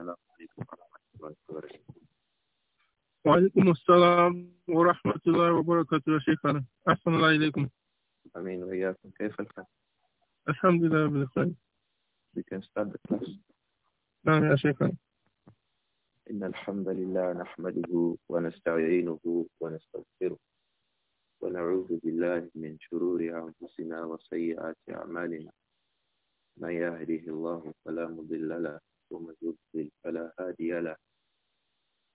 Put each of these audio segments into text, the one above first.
السلام عليكم ورحمة الله وبركاته وعليكم السلام ورحمة الله وبركاته يا شيخنا أحسن الله إليكم أمين وإياكم كيف الحال؟ الحمد لله بالخير We can start نعم يا شيخنا إن الحمد لله نحمده ونستعينه ونستغفره ونعوذ بالله من شرور أنفسنا وسيئات أعمالنا من يهده الله فلا مضل له ومن يضلل فلا هادي له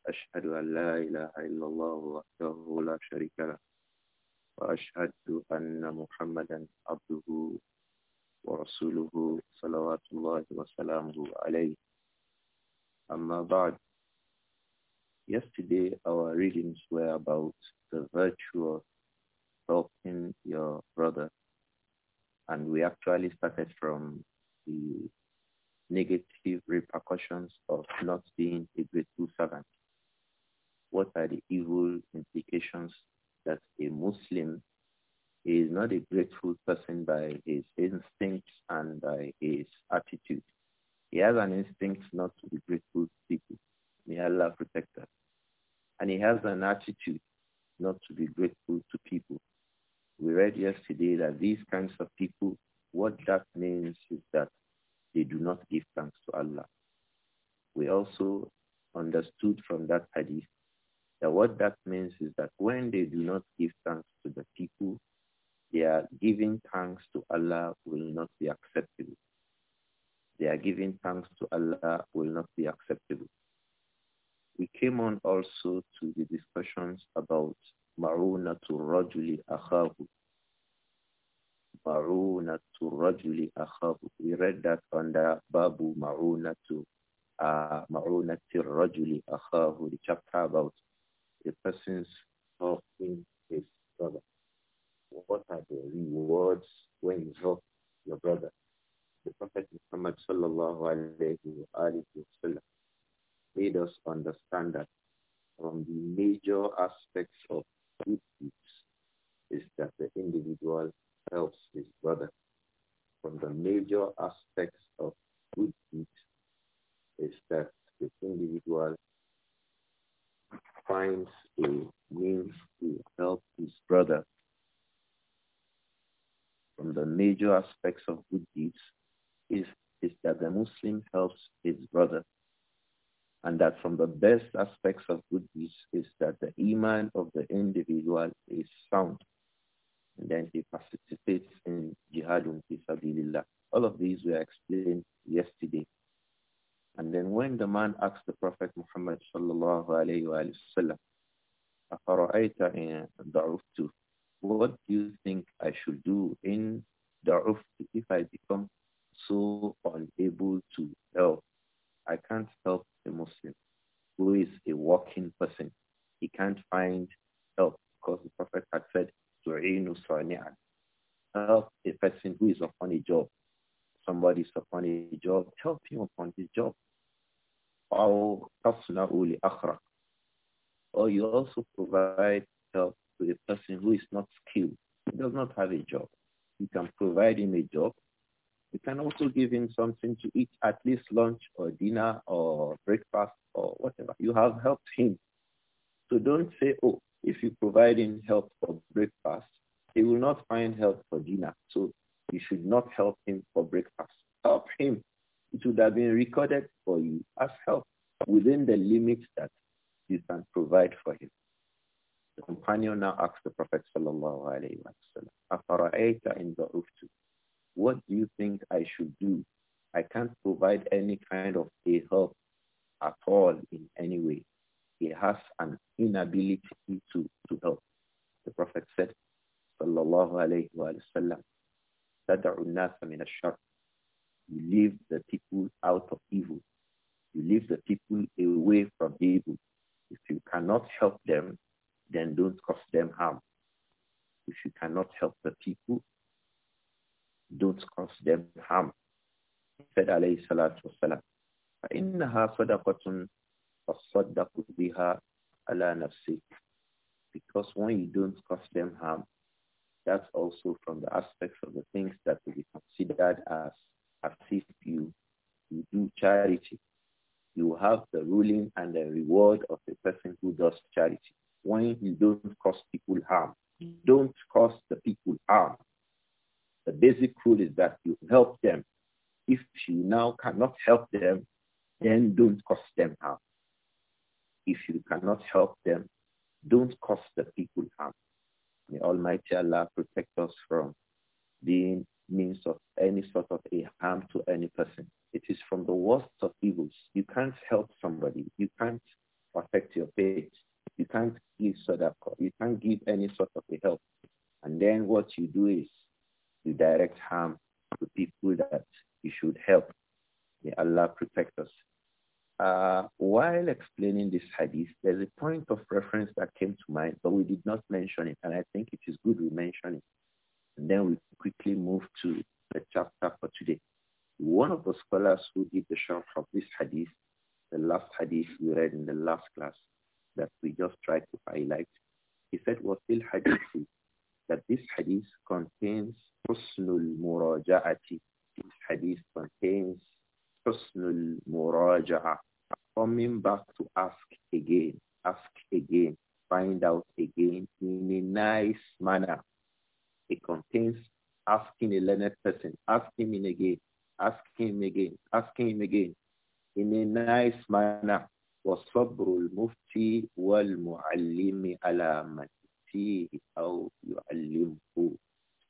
أشهد أن لا إله إلا الله وحده لا شريك له وأشهد أن محمدا عبده ورسوله صلوات الله وسلامه عليه أما بعد Yesterday our readings were about the virtue of helping your brother and we actually started from the negative repercussions of not being a grateful servant? What are the evil implications that a Muslim is not a grateful person by his instincts and by his attitude? He has an instinct not to be grateful to people. May Allah protect us. And he has an attitude not to be grateful to people. We read yesterday that these kinds of people, what that means is that they do not give thanks to Allah. We also understood from that hadith that what that means is that when they do not give thanks to the people, their giving thanks to Allah will not be acceptable. Their giving thanks to Allah will not be acceptable. We came on also to the discussions about Ma'una Rajuli Akhahu Maruna to Rajuli Akhab. We read that under Babu Maruna to uh, Maruna to Rajuli Akhab, the chapter about the person's назывались. what do you think I should do? I can't provide any kind of a help at all in any way. He has an inability to, to help. The Prophet said, Sallallahu alayhi wa sallam, Tada'u shar You leave the people out of evil. You leave the people away from evil. If you cannot help them, then don't cause them harm. If you cannot help the people, don't cause them harm. He said alayhi salatu wasalam, فَإِنَّهَا صَدَقَةٌ فَصَدَّقُ بِهَا عَلَى نَفْسِكَ Because when you don't cause them harm, that's also from the aspects of the things that will be considered as as if you, you do charity. You have the ruling and the reward of the person who does charity. When you don't cause people harm, don't cause the people harm. The basic rule is that you help them. If you now cannot help them, then don't cost them harm. If you cannot help them, don't cost the people harm. May Almighty Allah protect us from being means of any sort of a harm to any person. It is from the worst of evils. You can't help somebody. You can't affect your faith. You can't give sadaqah. You can't give any sort of a help. And then what you do is the direct harm to people that you should help. May Allah protect us. Uh, while explaining this hadith, there's a point of reference that came to mind, but we did not mention it, and I think it is good we mention it. And then we quickly move to the chapter for today. One of the scholars who did the sharh of this hadith, the last hadith we read in the last class that we just tried to highlight, he said, still hadith that this hadith contains husnul muraja'ati. This hadith contains husnul muraja'a. Coming back to ask again, ask again, find out again in a nice manner. It contains asking a learned person, ask him again, ask him again, ask him again, in a nice manner. وصبر المفتي والمعلم على يُؤْتِيهِ أَوْ يُعَلِّمْهُ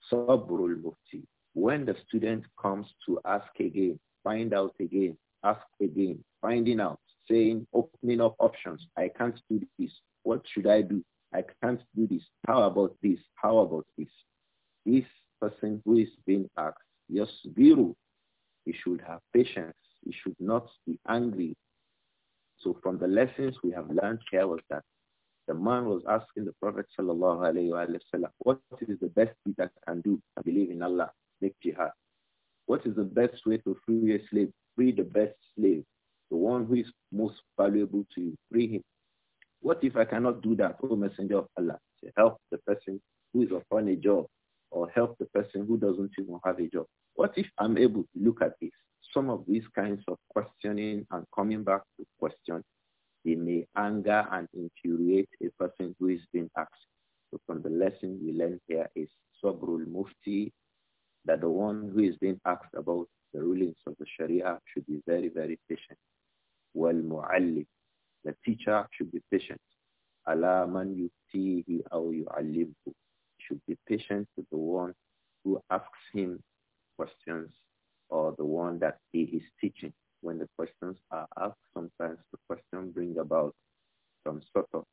صَبْرُ الْمُفْتِي When the student comes to ask again, find out again, ask again, finding out, saying, opening up options. I can't do this. What should I do? I can't do this. How about this? How about this? This person who is being asked, Yasbiru, he should have patience. He should not be angry. So from the lessons we have learned here was that the man was asking the Prophet sallallahu what is the best thing that I can do? I believe in Allah. Make jihad. What is the best way to free a slave? Free the best slave, the one who is most valuable to you. Free him. What if I cannot do that, O Messenger of Allah? To help the person who is upon a job or help the person who doesn't even have a job. What if I'm able to look at this? Some of these kinds of questioning and coming back to question they may anger and infuriate a person who is being asked. So from the lesson we learned here is Sabrul Mufti, that the one who is being asked about the rulings of the Sharia should be very, very patient. Well, Mu'allim, the teacher should be patient. Allah man yuftihi aw yu'allimhu should be patient with the one who asks him questions or the one that he is teaching when the questions are asked, sometimes the question brings about some sort of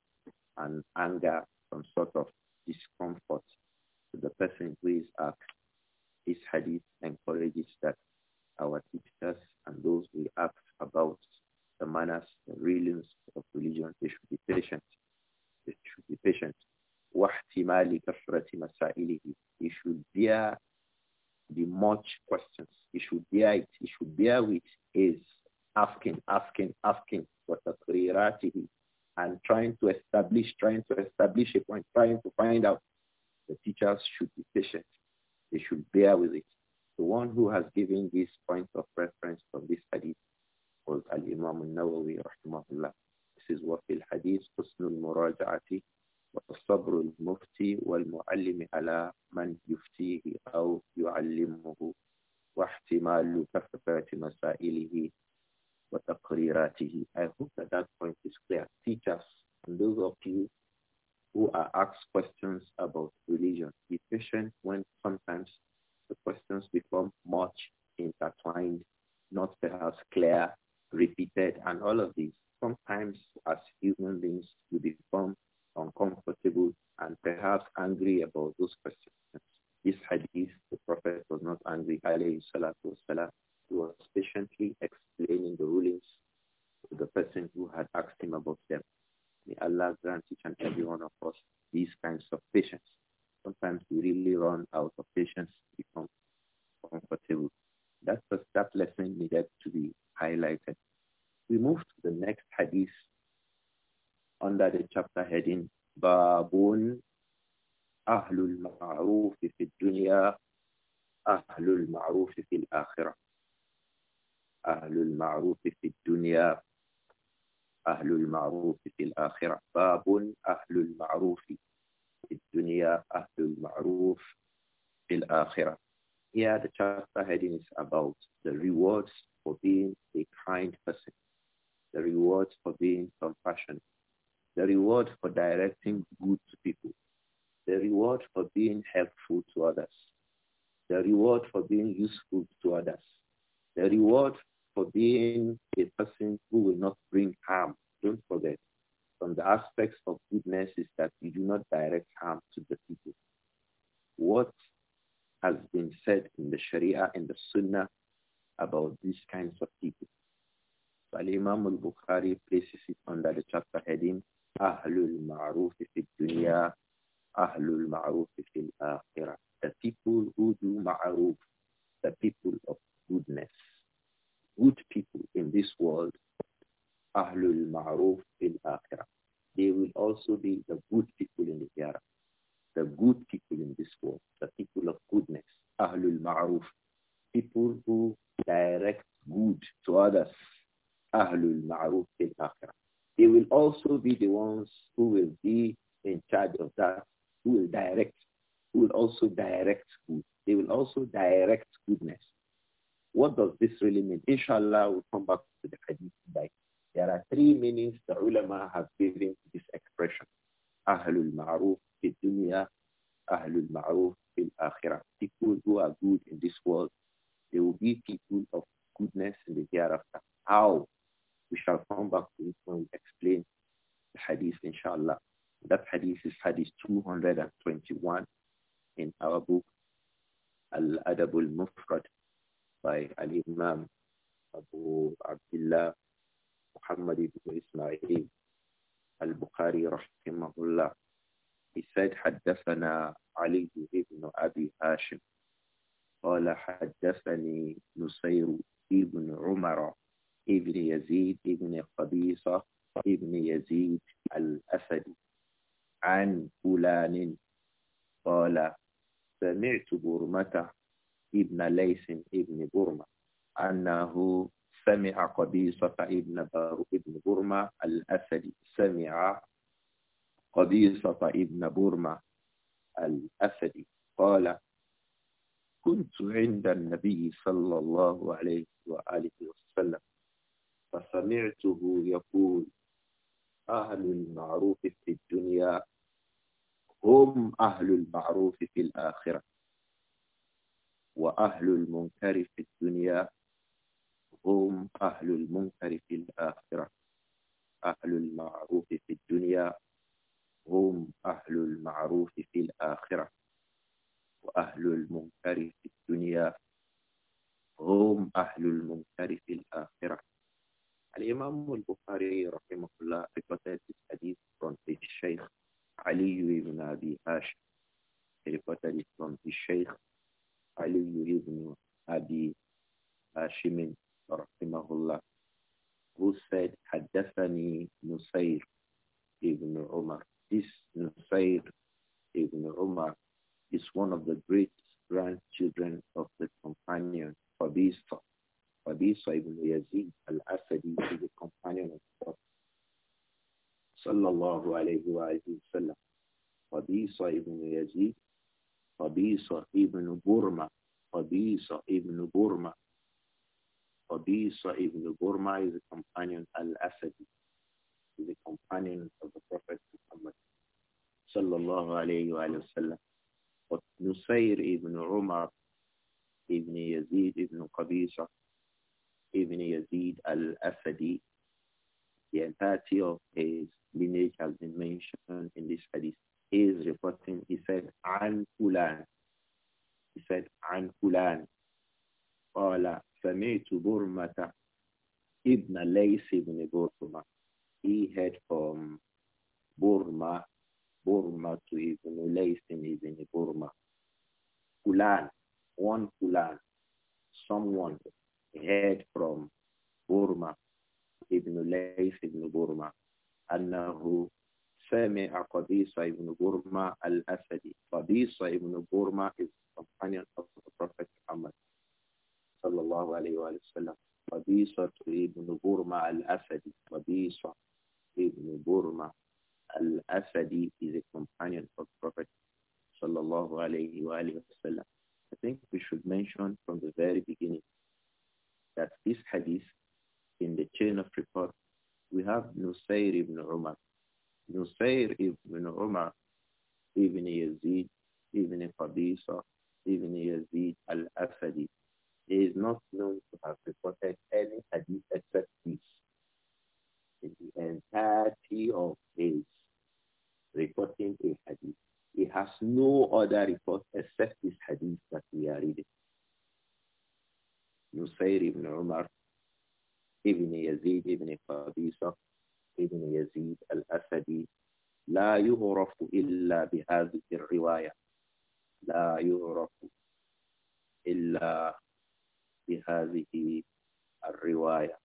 an anger, some sort of discomfort to the person who is asked. This hadith encourages that our teachers and those we ask about the manners, the rulings of religion, they should be patient. They should be patient. واحتمال كثرة مسائله He should bear the much questions. He should bear it. He should bear with is asking, asking, asking for taqriratihi and trying to establish, trying to establish a point, trying to find out. The teachers should be patient. They should bear with it. The one who has given this point of reference from this hadith was Al-Imam al-Nawawi rahimahullah. This is what the hadith husnul muraja'ati والصبر المفتي والمعلم على من يفتيه أو يعلمه واحتمال مسائله وتقريراته. I hope that that point is clear. Teachers and those of you who are asked questions about religion, be patient when sometimes the questions become much intertwined, not perhaps clear, repeated, and all of these. Sometimes as human beings, we become uncomfortable and perhaps angry about those questions. This hadith, the Prophet was not angry, alayhi salatu wasalam. He was patiently explaining the rulings to the person who had asked him about them. May Allah grant each and every one of us these kinds of patience. Sometimes we really run out of patience, become comfortable. That, that lesson needed to be highlighted. We move to the next hadith under the chapter heading Babun أهل المعروف في الدنيا أهل المعروف في الآخرة أهل المعروف في الدنيا أهل المعروف في الآخرة باب أهل المعروف في الدنيا أهل المعروف في الآخرة Here the chapter heading is about the rewards for being a kind person, the rewards for being compassionate, the reward for directing good to people, the reward for being helpful to others, the reward for being useful to others, the reward for being a person who will not bring harm. Don't forget, from the aspects of goodness is that you do not direct harm to the people. What has been said in the Sharia and the Sunnah about these kinds of people? So Al-Imam al-Bukhari places it under the chapter heading Ahlul Ma'ruf fi Dunya Ahlul Ma'ruf fil Akhirah. The people who do Ma'ruf, the people of goodness. Good people in this world, Ahlul Ma'ruf fil Akhirah. They will also be the good people in the Akhirah. The good people in this world, the people of goodness, Ahlul Ma'ruf. People who direct good to others, Ahlul Ma'ruf fil Akhirah. They will also be the ones who will be in charge of that who will direct, who will also direct good. They will also direct goodness. What does this really mean? Inshallah, we'll come back to the hadith today. There are three meanings the ulama have given to this expression. Ahlul ma'ruf fi dunya, ahlul ma'ruf fil akhirah. People who are good in this world, they will be people of goodness in the hereafter. How? We shall come back to it when we explain the hadith, inshallah. That hadith is hadith 221 in our book Al-Adabul Mufrad by Al-Imam Abu Abdullah Muhammad ibn Ismail Al-Bukhari rahimahullah. He said, حدثنا علي بن أبي هاشم قال حدثني نصير ابن عمر ابن يزيد ابن قبيصة ابن يزيد الأسدي عن فلان قال سمعت برمة ابن ليس ابن برمة أنه سمع قبيصة ابن بارو ابن برمة الأسدي سمع قبيصة ابن برمة الأسدي قال كنت عند النبي صلى الله عليه وآله وسلم فسمعته يقول أهل المعروف في الدنيا هم أهل المعروف في الآخرة وأهل المنكر في الدنيا هم أهل المنكر في الآخرة أهل المعروف في الدنيا هم أهل المعروف في الآخرة وأهل المنكر في الدنيا هم أهل المنكر في الآخرة الإمام البخاري رحمه الله في this الحديث عن الشيخ Ali ibn Abi Hashim. He reported it from his Shaykh Ali ibn Abi Hashim rahimahullah who said Haddathani Nusayr ibn Umar. This Nusayr ibn Umar is one of the great grandchildren of the companion Fabisa. Fabisa ibn Yazid al-Asadi is a companion of the Prophet صلى الله عليه وآله وسلم قبيصة ابن يزيد قبيصة ابن برمة قبيصة ابن برمة قبيصة ابن برمة is a companion al-Asadi is a companion of the Prophet Muhammad صلى الله عليه وآله وسلم نصير ابن عمر ابن يزيد ابن قبيصة ابن يزيد الأسدي the entirety of his lineage has been mentioned in this hadith. He is reporting, he said, An kulan, He said, An Kulan. Qala, Sami'tu Burmata ibn Lays ibn Burma. He had from Burma, Burma to Ibn Lays ibn Burma. Kulan, one kulan, someone heard from Burma, ibn Layth ibn Burma أنه سمع قبيصة قبيصة is the companion of the Prophet Muhammad صلى الله عليه وآله وسلم. قبيصة ibn قبيصة is a companion of Prophet sallallahu alayhi wa I think we should mention from the very beginning that this hadith in the chain of report, we have Nusayr ibn Umar. Nusayr ibn Umar, ibn Yazid, ibn Qabisa, ibn Yazid al-Afadi. He is not known to have reported any hadith except this. In the entirety of his reporting a hadith, he has no other report except this hadith that we are reading. Nusayr ibn Umar Ibn Yazid Ibn Qabisa Ibn Yazid Al-Asadi لا يعرف إلا بهذه الرواية لا يعرف إلا بهذه الرواية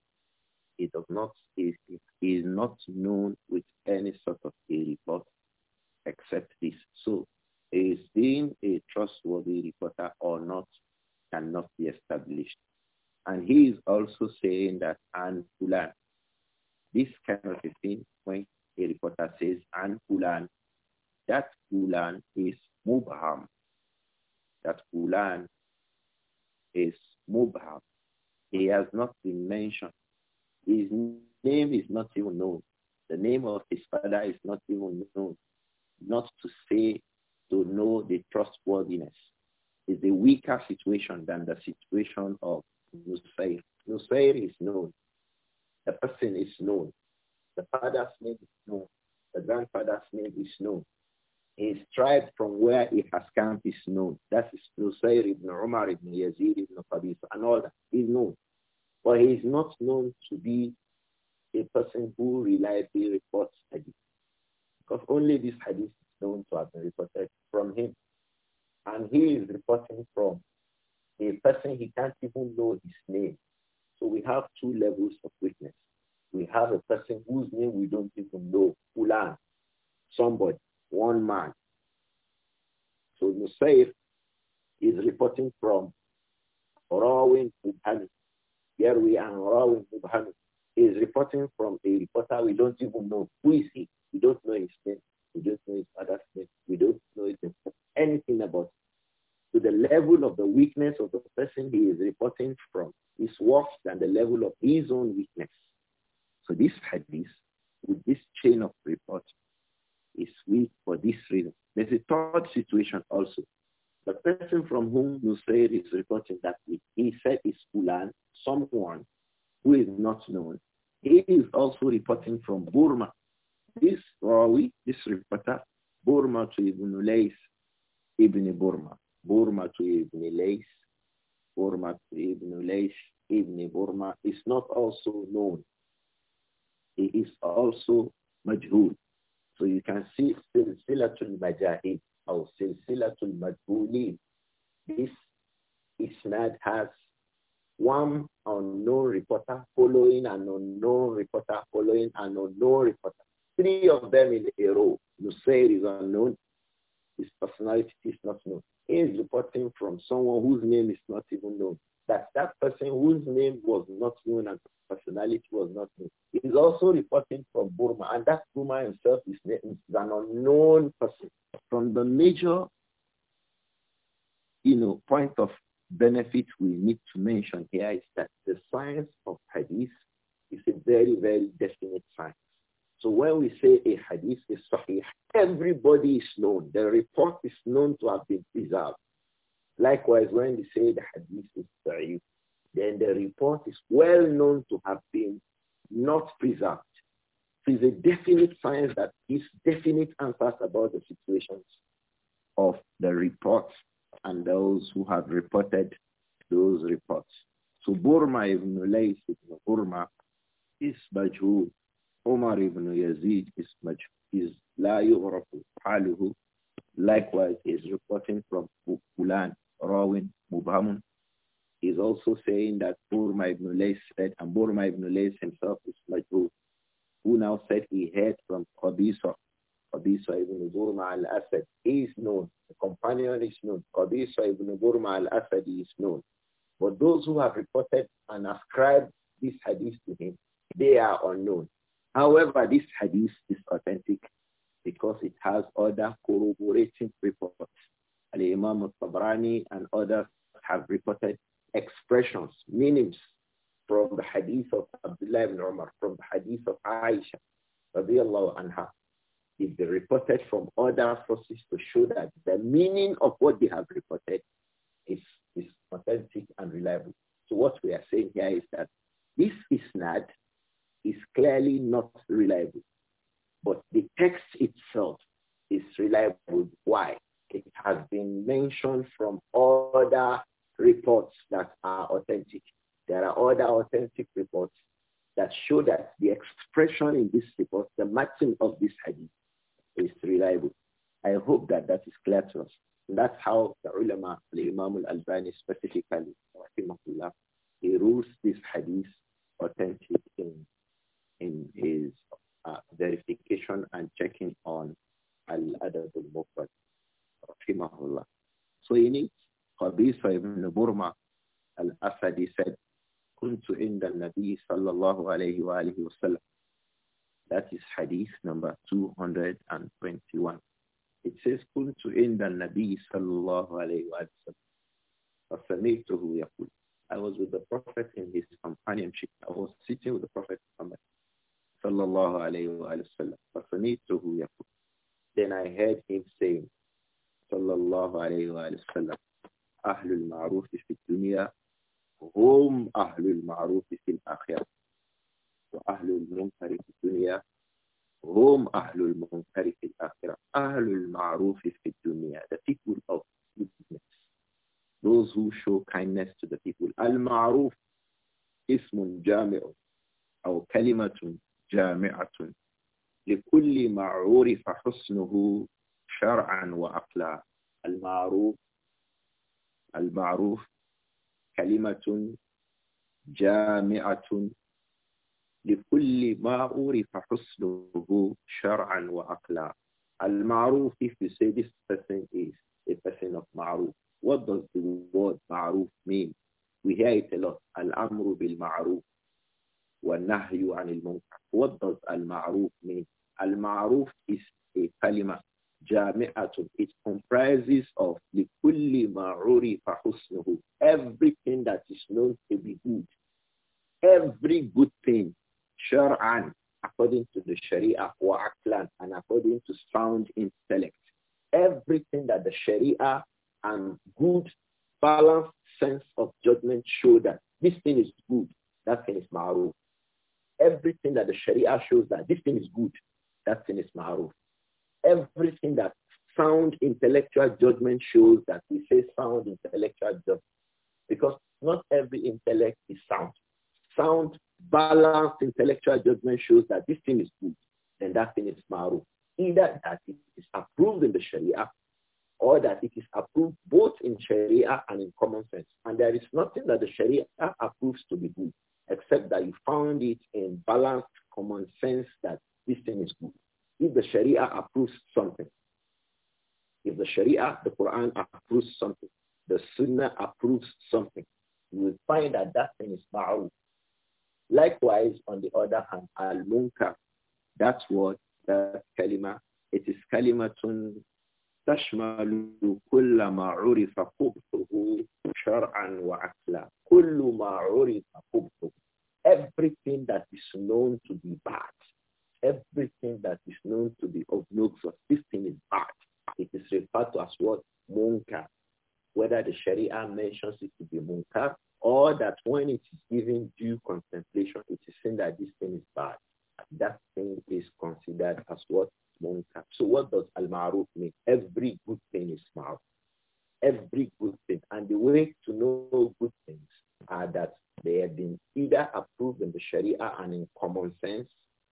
He does not he, he is not known with any sort of a report except this. So is being a trustworthy reporter or not cannot be established. And he is also saying that an fulan. This kind of a thing, when a reporter says an fulan, that fulan is mubham. That fulan is mubham. He has not been mentioned. His name is not even known. The name of his father is not even known. Not to say to know the trustworthiness is a weaker situation than the situation of Nusair. Nusair is known. The person is known. The father's name is known. The grandfather's name is known. His tribe from where he has come is known. That is Nusayr ibn Umar ibn Yazid ibn Qabis and all that. He's known. But he is not known to be a person who reliably reports hadith. Because only this hadith is known to have been reported from him. And he is reporting from a person he can't even know his name. So we have two levels of witness. We have a person whose name we don't even know, Fulan, somebody, one man. So Musaif is reporting from Rawin Mubhani. Here we are, Rawin Mubhani. He is reporting from a reporter we don't even know. Who is he? We don't know his name. We don't know his father's name. We don't know anything about him to the level of the weakness of the person he is reporting from is worse than the level of his own weakness. So this hadith with this chain of report is weak for this reason. There's a third situation also. The person from whom Nusayr is reporting that week, he said is Ulan, someone who is not known. He is also reporting from Burma. This Rawi, uh, this reporter, Burma to Ibn Ulays, Ibn Burma. Burma to Ibn Leish, Burma to Ibn Leish, Ibn Burma is not also known. It is also majhul. So you can see silsilatul majahid or silsilatul majhuli. This isnad has one unknown reporter following an unknown reporter following an unknown reporter. Three of them in a row. Nusair is unknown. His personality is not known is reporting from someone whose name is not even known. That that person whose name was not known and personality was not known is also reporting from Burma, and that Burma himself is, an unknown person. From the major, you know, point of benefit we need to mention here is that the science of hadith is a very, very definite science. So when we say a hadith is sahih, everybody is known. The report is known to have been preserved. Likewise, when we say the hadith is sahih, then the report is well known to have been not preserved. So it's a definite science that gives definite answers about the situations of the reports and those who have reported those reports. So Burma ibn Lays ibn Burma is Bajhul Umar ibn Yazid is much is la haluhu. Likewise, is reporting from Fulan, Rawin, Mubhamun. Is also saying that Burma ibn Lays said, and Burma ibn Lays himself is majhul, who now said he heard from Qabisa, Qabisa ibn Burma al-Asad. He is known. The companion is known. Qabisa ibn Burma al-Asad is known. But those who have reported and ascribed this hadith to him, they are unknown. However, this hadith is authentic because it has other corroborating reports. Al-Imam al-Tabrani and others have reported expressions, meanings from the hadith of Abdullah ibn Umar, from the hadith of Aisha, radiallahu anha. It's been reported from other sources to show that the meaning of what they have reported is, is authentic and reliable. So what we are saying here is that this is not is clearly not reliable. But the text itself is reliable. Why? It has been mentioned from other reports that are authentic. There are other authentic reports that show that the expression in this report, the matching of this hadith, is reliable. I hope that that is clear to us. And that's how the ulama, the Imam al-Albani specifically, he rules this hadith authentic in in his uh, verification and checking on Al-Adab mufrad rahimahullah. So in it, Qabisa ibn Burma al-Asadi said, كنت عند النبي صلى الله عليه وآله وسلم. That is hadith number 221. It says, كنت عند النبي صلى الله عليه وآله وسلم. فسمعته يقول I was with the Prophet in his companionship. I was sitting with the Prophet صلى الله عليه وآله وسلم فسمعته يقول Then I heard him saying صلى الله عليه وآله وسلم أهل المعروف في الدنيا هم أهل المعروف في الآخرة وأهل المنكر في الدنيا هم أهل المنكر في الآخرة أهل المعروف في الدنيا the people of goodness those who show kindness to the people المعروف اسم جامع أو كلمة جامعة لكل ما عرف حسنه شرعا وعقلا المعروف المعروف كلمة جامعة لكل ما عرف حسنه شرعا وعقلا المعروف if you say this person is a person of معروف what does the word معروف mean we hear it a lot الأمر بالمعروف وَالنَّهْيُ عَنِ الْمُنْكَرِ What المعروف من المعروف is a كلمة جامعة It comprises of لِكُلِّ مَعْرُورِ فَحُسْنُهُ Everything that is known to be good. Every good thing, shar'an, according to the sharia, wa and according to sound intellect. Everything that the sharia and good, balanced sense of judgment show that this thing is good, that thing is ma'ruf. Everything that the Sharia shows that this thing is good, that thing is ma'ruf. Everything that sound intellectual judgment shows that we say sound intellectual judgment because not every intellect is sound. Sound, balanced intellectual judgment shows that this thing is good then that thing is ma'ruf. Either that it is approved in the Sharia or that it is approved both in Sharia and in common sense. And there is nothing that the Sharia approves to be good except that you found it in balanced common sense that this thing is good. If the Sharia approves something, if the Sharia, the Quran approves something, the Sunnah approves something, you will find that that thing is ma'ruf. Likewise, on the other hand, al-munkar, that's what the kalima, it is kalimatun تشمل كل ما عرف قبحه شرعا وعقلا كل ما عرف everything that is known to be bad everything that is known to be obnoxious this thing is bad it is referred to as what munkar whether the sharia mentions it to be munkar or that when it is given due contemplation it is seen that this thing is bad that thing is considered as what munkar. So what does al-ma'ruf mean? Every good thing is ma'ruf. Every good thing. And the way to know good things are that they have been either approved in the Sharia and in common sense,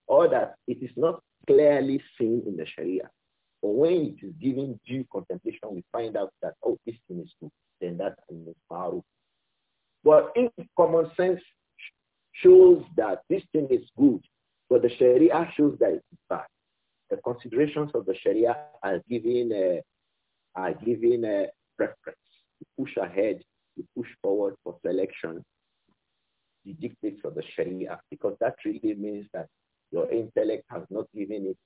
or that it is not clearly seen in the Sharia. But when it is given due contemplation, we find out that, oh, this thing is good, then that thing is ma'ruf. But if common sense shows that this thing is good, but the Sharia shows that it's bad. The considerations of the Sharia are given, a uh, are given a uh, preference. push ahead, push forward for selection, the dictates of the Sharia, because that really means that your intellect has not given it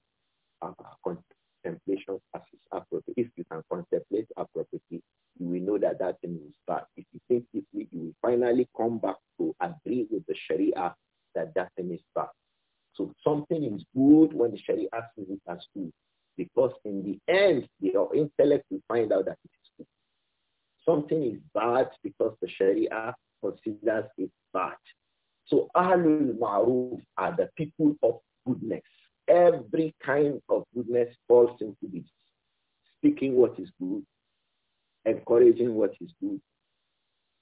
uh, contemplation as it's appropriate. If you can contemplate appropriately, you will know that that thing is bad. If you think deeply, you will finally come back to agree with the Sharia that that thing is bad. So something is good when the Sharia considers it as good. Because in the end, your intellect will find out that it is good. Something is bad because the Sharia considers it bad. So Ahlul Ma'ruf are the people of goodness. Every kind of goodness falls into this. Speaking what is good, encouraging what is good,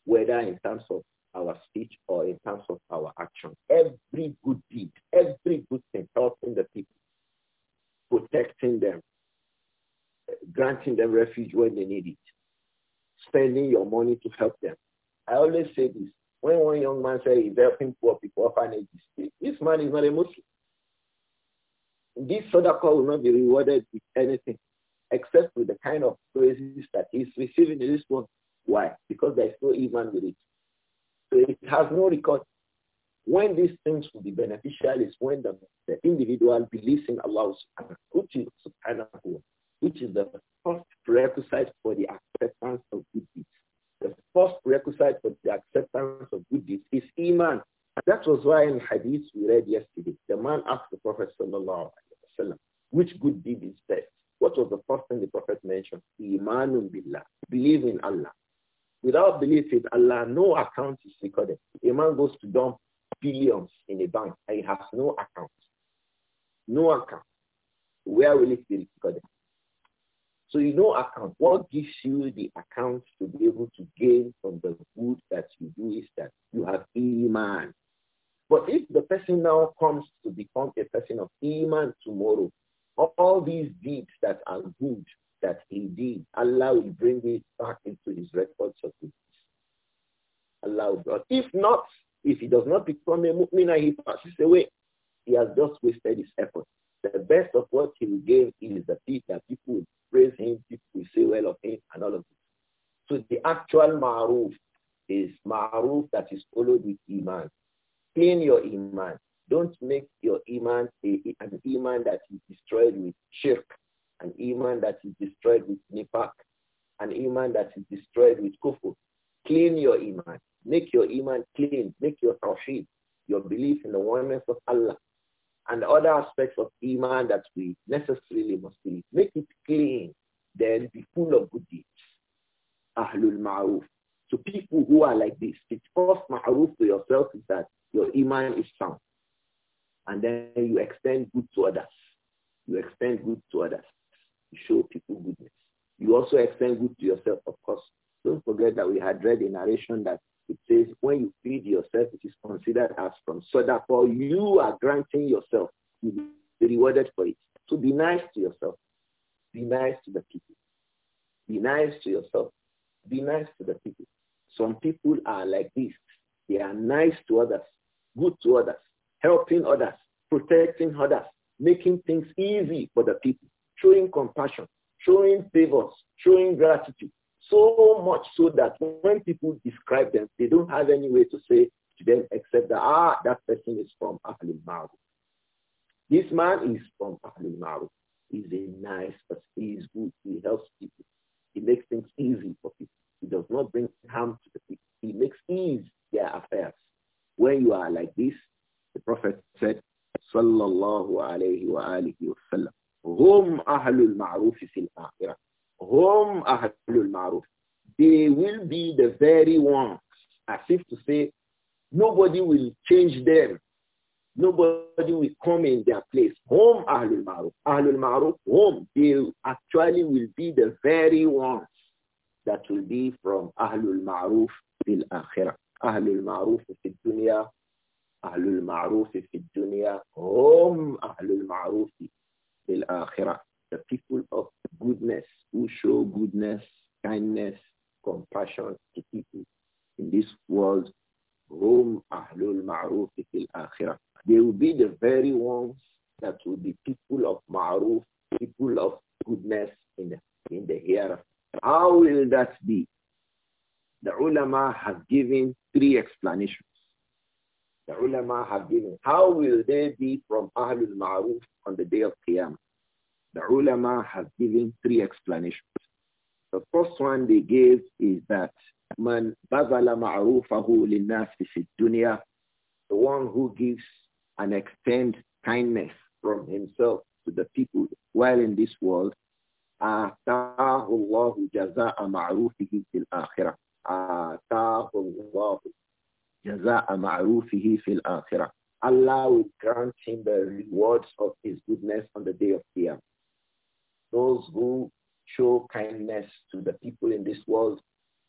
whether in terms of our speech or in terms of our action. Every good deed, every good thing, helping the people, protecting them, granting them refuge when they need it, spending your money to help them. I always say this. When one young man says he's helping poor people, orphanages, this man is not a Muslim. This sadaqah will not be rewarded with anything except with the kind of praises that he's receiving in this world. Why? Because there is no iman with it. So it has no record. When these things will be beneficial is when the, the individual believes in Allah which is subhanahu, which is the first prerequisite for the acceptance of good deeds. The first prerequisite for the acceptance of good deeds is Iman. That was why in hadith we read yesterday, the man asked the Prophet sallallahu which good deed is best? What was the first thing the Prophet mentioned? Imanun billah, believe in Allah. Without belief in Allah, no account is recorded. A man goes to dump billions in a bank and he has no account. No account. Where will it be recorded? So you know account. What gives you the account to be able to gain from the good that you do is that you have iman. But if the person now comes to become a person of iman tomorrow, all these deeds that are good that he did, Allah will bring it back into his records of his Allah will If not, if he does not become a mu'mina, he passes away. He has just wasted his effort. The best of what he will gain is the peace that people will praise him, people will say well of him, and all of this. So the actual ma'ruf is ma'ruf that is followed with iman. Clean your iman. Don't make your iman a, an iman that is destroyed with shirk an iman that is destroyed with nifaq, an iman that is destroyed with kufr. Clean your iman. Make your iman clean. Make your tawheed, your belief in the oneness of Allah, and other aspects of iman that we necessarily must believe. Make it clean. Then be full of good deeds. Ahlul ma'ruf. So people who are like this, the first ma'ruf to yourself is that your iman is sound. And then you extend good to others. You extend good to others. You show people goodness. You also extend good to yourself, of course. Don't forget that we had read a narration that it says when you feed yourself, it is considered as from So therefore, you are granting yourself. You be rewarded for it. So be nice to yourself. Be nice to the people. Be nice to yourself. Be nice to the people. Some people are like this. They are nice to others, good to others, helping others, protecting others, making things easy for the people showing compassion, showing favors, showing gratitude. So much so that when people describe them, they don't have any way to say to them except that, ah, that person is from Ahlul This man is from Ahlul He's a nice person. He is good. He helps people. He makes things easy for people. He does not bring harm to the people. He makes ease their affairs. When you are like this, the Prophet said, Sallallahu Alaihi wa alihi هم أهل ma'ruf في الآخرة. هم أهل ma'ruf. They will be the very ones, as if to say, nobody will change them. Nobody will come in their place. هم أهل ma'ruf. أهل ma'ruf, هم They actually will be the very ones that will be from أهل ma'ruf في الآخرة. أهل ma'ruf في الدنيا. أهل ma'ruf في الدنيا. هم أهل ma'ruf akhirah. The people of goodness who show goodness, kindness, compassion to people in this world. Hum ahlul ma'ruf fil akhirah. They will be the very ones that will be people of ma'ruf, people of goodness in the, in the hereafter. How will that be? The ulama have given three explanations the ulama have given. How will they be from Ahlul Ma'ruf on the day of Qiyamah? The ulama have given three explanations. The first one they gave is that man bazala ma'rufahu linnasi fi dunya, the one who gives and extends kindness from himself to the people while in this world, آتاه Allahu جزاء معروفه في الآخرة. آتاه الله Allah will grant him the rewards of his goodness on the day of Qiyam. Those who show kindness to the people in this world,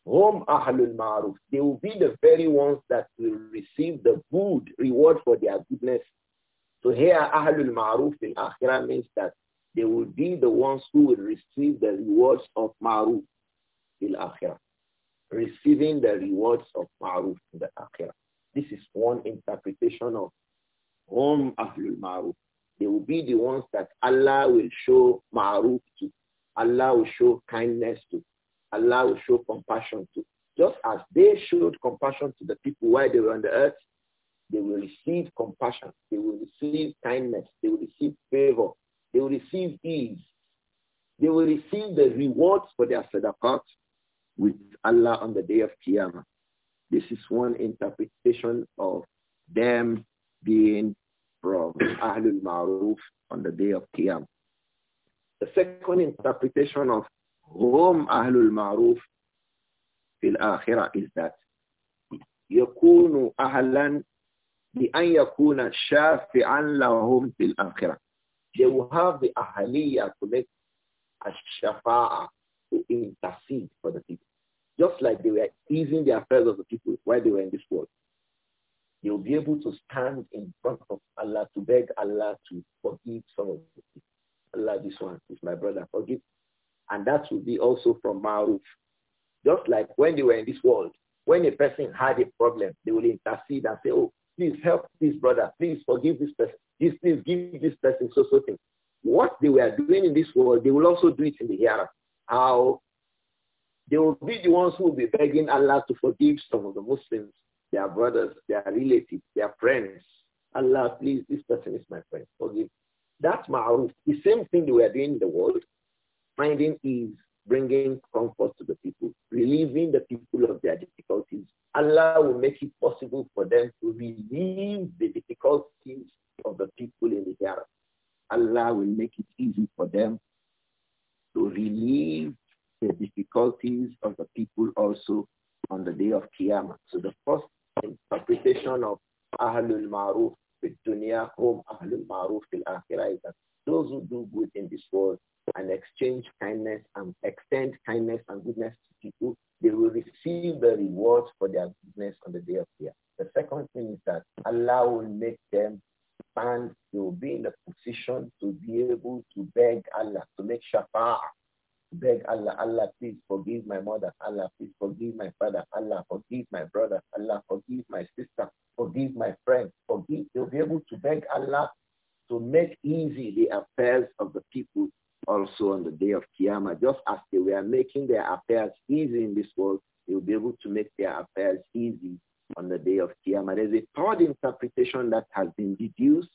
hum ahlul ma'ruf, they will be the very ones that will receive the good reward for their goodness. So here ahlul ma'ruf in akhirah means that they will be the ones who will receive the rewards of ma'ruf in akhirah receiving the rewards of Ma'ruf in the Akhirah. This is one interpretation of Hum Ahlul Ma'ruf. They will be the ones that Allah will show Ma'ruf to. Allah will show kindness to. Allah will show compassion to. Just as they showed compassion to the people while they were on the earth, they will receive compassion. They will receive kindness. They will receive favor. They will receive ease. They will receive the rewards for their sadaqat with Allah on the day of Qiyamah. This is one interpretation of them being from Ahlul Ma'ruf on the day of Qiyamah. The second interpretation of Hum Ahlul Ma'ruf fil Akhirah is that يكون أهلا بأن يكون شافعا لهم في الآخرة. They will have the ahliya to make Shafa'a to intercede releasing the affairs of the people while they were in this world, they will be able to stand in front of Allah to beg Allah to forgive some of the people. Allah, this one is my brother, forgive. And that will be also from Ma'ruf. Just like when they were in this world, when a person had a problem, they will intercede and say, oh, please help this brother, please forgive this person, please, please give this person so, so thing. What they were doing in this world, they will also do it in the hereafter. How they will be the ones who will be begging Allah to forgive some of the Muslims, their brothers, their relatives, their friends. Allah, please, this person is my friend. Forgive. That's ma'aruf. The same thing we are doing in the world. Finding ease, bringing comfort to the people, relieving the people of their difficulties. Allah will make it possible for them to relieve the difficulties of the people in the hereafter. Allah will make it easy for them to relieve the difficulties of the people also on the day of Qiyamah. So the first interpretation of Ahlul Ma'ruf fil dunya home Ahlul Ma'ruf fil akhirah is that those who do good in this world and exchange kindness and extend kindness and goodness to people, they will receive the rewards for their goodness on the day of Qiyamah. The second thing is that Allah will make them stand, they will be in a position to be able to beg Allah, to make shafa'ah beg Allah, Allah, please forgive my mother. Allah, please forgive my father. Allah, forgive my brother. Allah, forgive my sister. Forgive my friend. Forgive. You'll be able to beg Allah to make easy the affairs of the people also on the day of Qiyamah. Just as they were making their affairs easy in this world, they'll be able to make their affairs easy on the day of Qiyamah. There's a third interpretation that has been deduced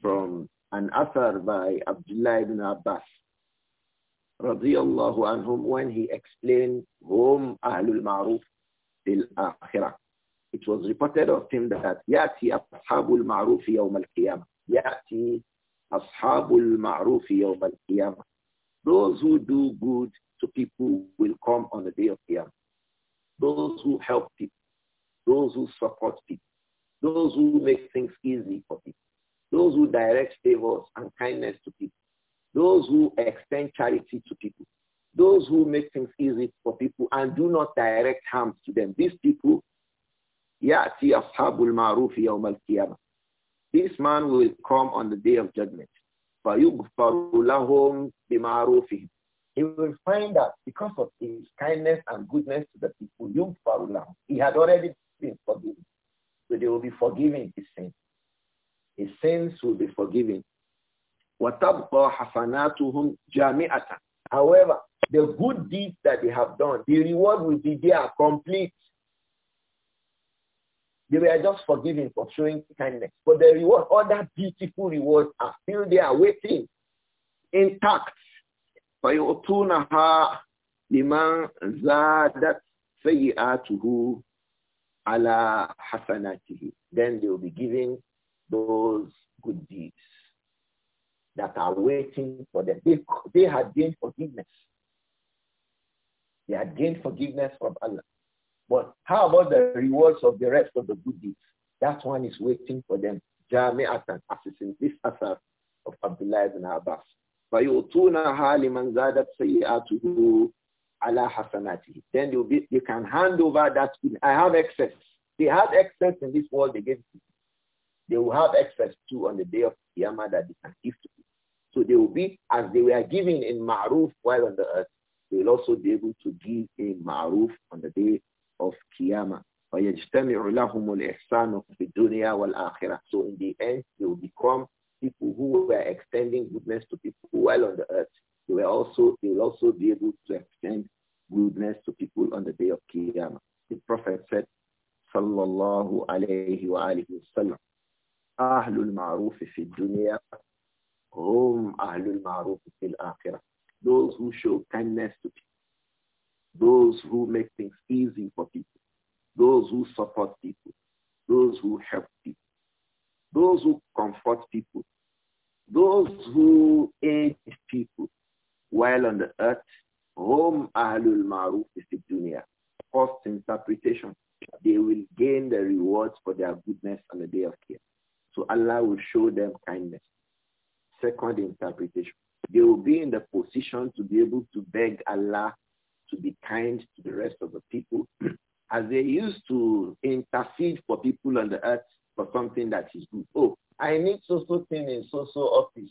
from an author by Abdullah ibn Abbas radiallahu anhum when he explained whom ahlul ma'ruf fil akhirah. It was reported of him that yati ashabul ma'ruf yawm al-qiyamah. Yati ashabul ma'ruf yawm al-qiyamah. Those who do good to people will come on the day of Qiyamah. Those who help people, those who support people, those who make things easy for people, those who direct favors and kindness to people, those who extend charity to people. Those who make things easy for people and do not direct harm to them. These people, يَأْتِي أَصْحَابُ الْمَعْرُوفِ يَوْمَ الْقِيَامَةِ This man will come on the day of judgment. فَيُغْفَرُ لَهُمْ بِمَعْرُوفِهِمْ He will find that because of his kindness and goodness to the people, يُغْفَرُ لَهُمْ He had already been forgiven. So they will be forgiven his sins. His sins will be forgiven وَتَبْقَى حَسَنَاتُهُمْ جَامِعَةً However, the good deeds that they have done, the reward will be there complete. They were just forgiven for showing kindness. But the reward, other beautiful rewards are still there waiting, intact. فَيُؤْتُونَهَا لِمَنْ زَادَتْ سَيِّئَاتُهُ عَلَى حَسَنَاتِهِ Then they will be giving those good deeds that are waiting for them. They, they had gained forgiveness. They had gained forgiveness from Allah. But how about the rewards of the rest of the good deeds? That one is waiting for them. Jami'atan, as is in this asar of Abdullah ibn Abbas. Then you, be, you can hand over that. I have excess. They had excess in this world against me. They will have excess too on the day of Qiyamah that they can give to people. So they will be, as they were giving in Ma'ruf while on the earth, they will also be able to give in Ma'ruf on the day of Qiyamah. So in the end, they will become people who were extending goodness to people while on the earth. They will also, they will also be able to extend goodness to people on the day of Qiyamah. The Prophet said, sallallahu alayhi wa alihi wa أهل المعروف في الدنيا those who show kindness to people. Those who make things easy for people. Those who support people. Those who help people. Those who comfort people. Those who aid people while on the earth. Hum ahlul ma'ruf the dunya. First interpretation. They will gain the rewards for their goodness on the day of care. So Allah will show them kindness second interpretation, they will be in the position to be able to beg Allah to be kind to the rest of the people as they used to intercede for people on the earth for something that is good. Oh, I need so-so thing in so-so office.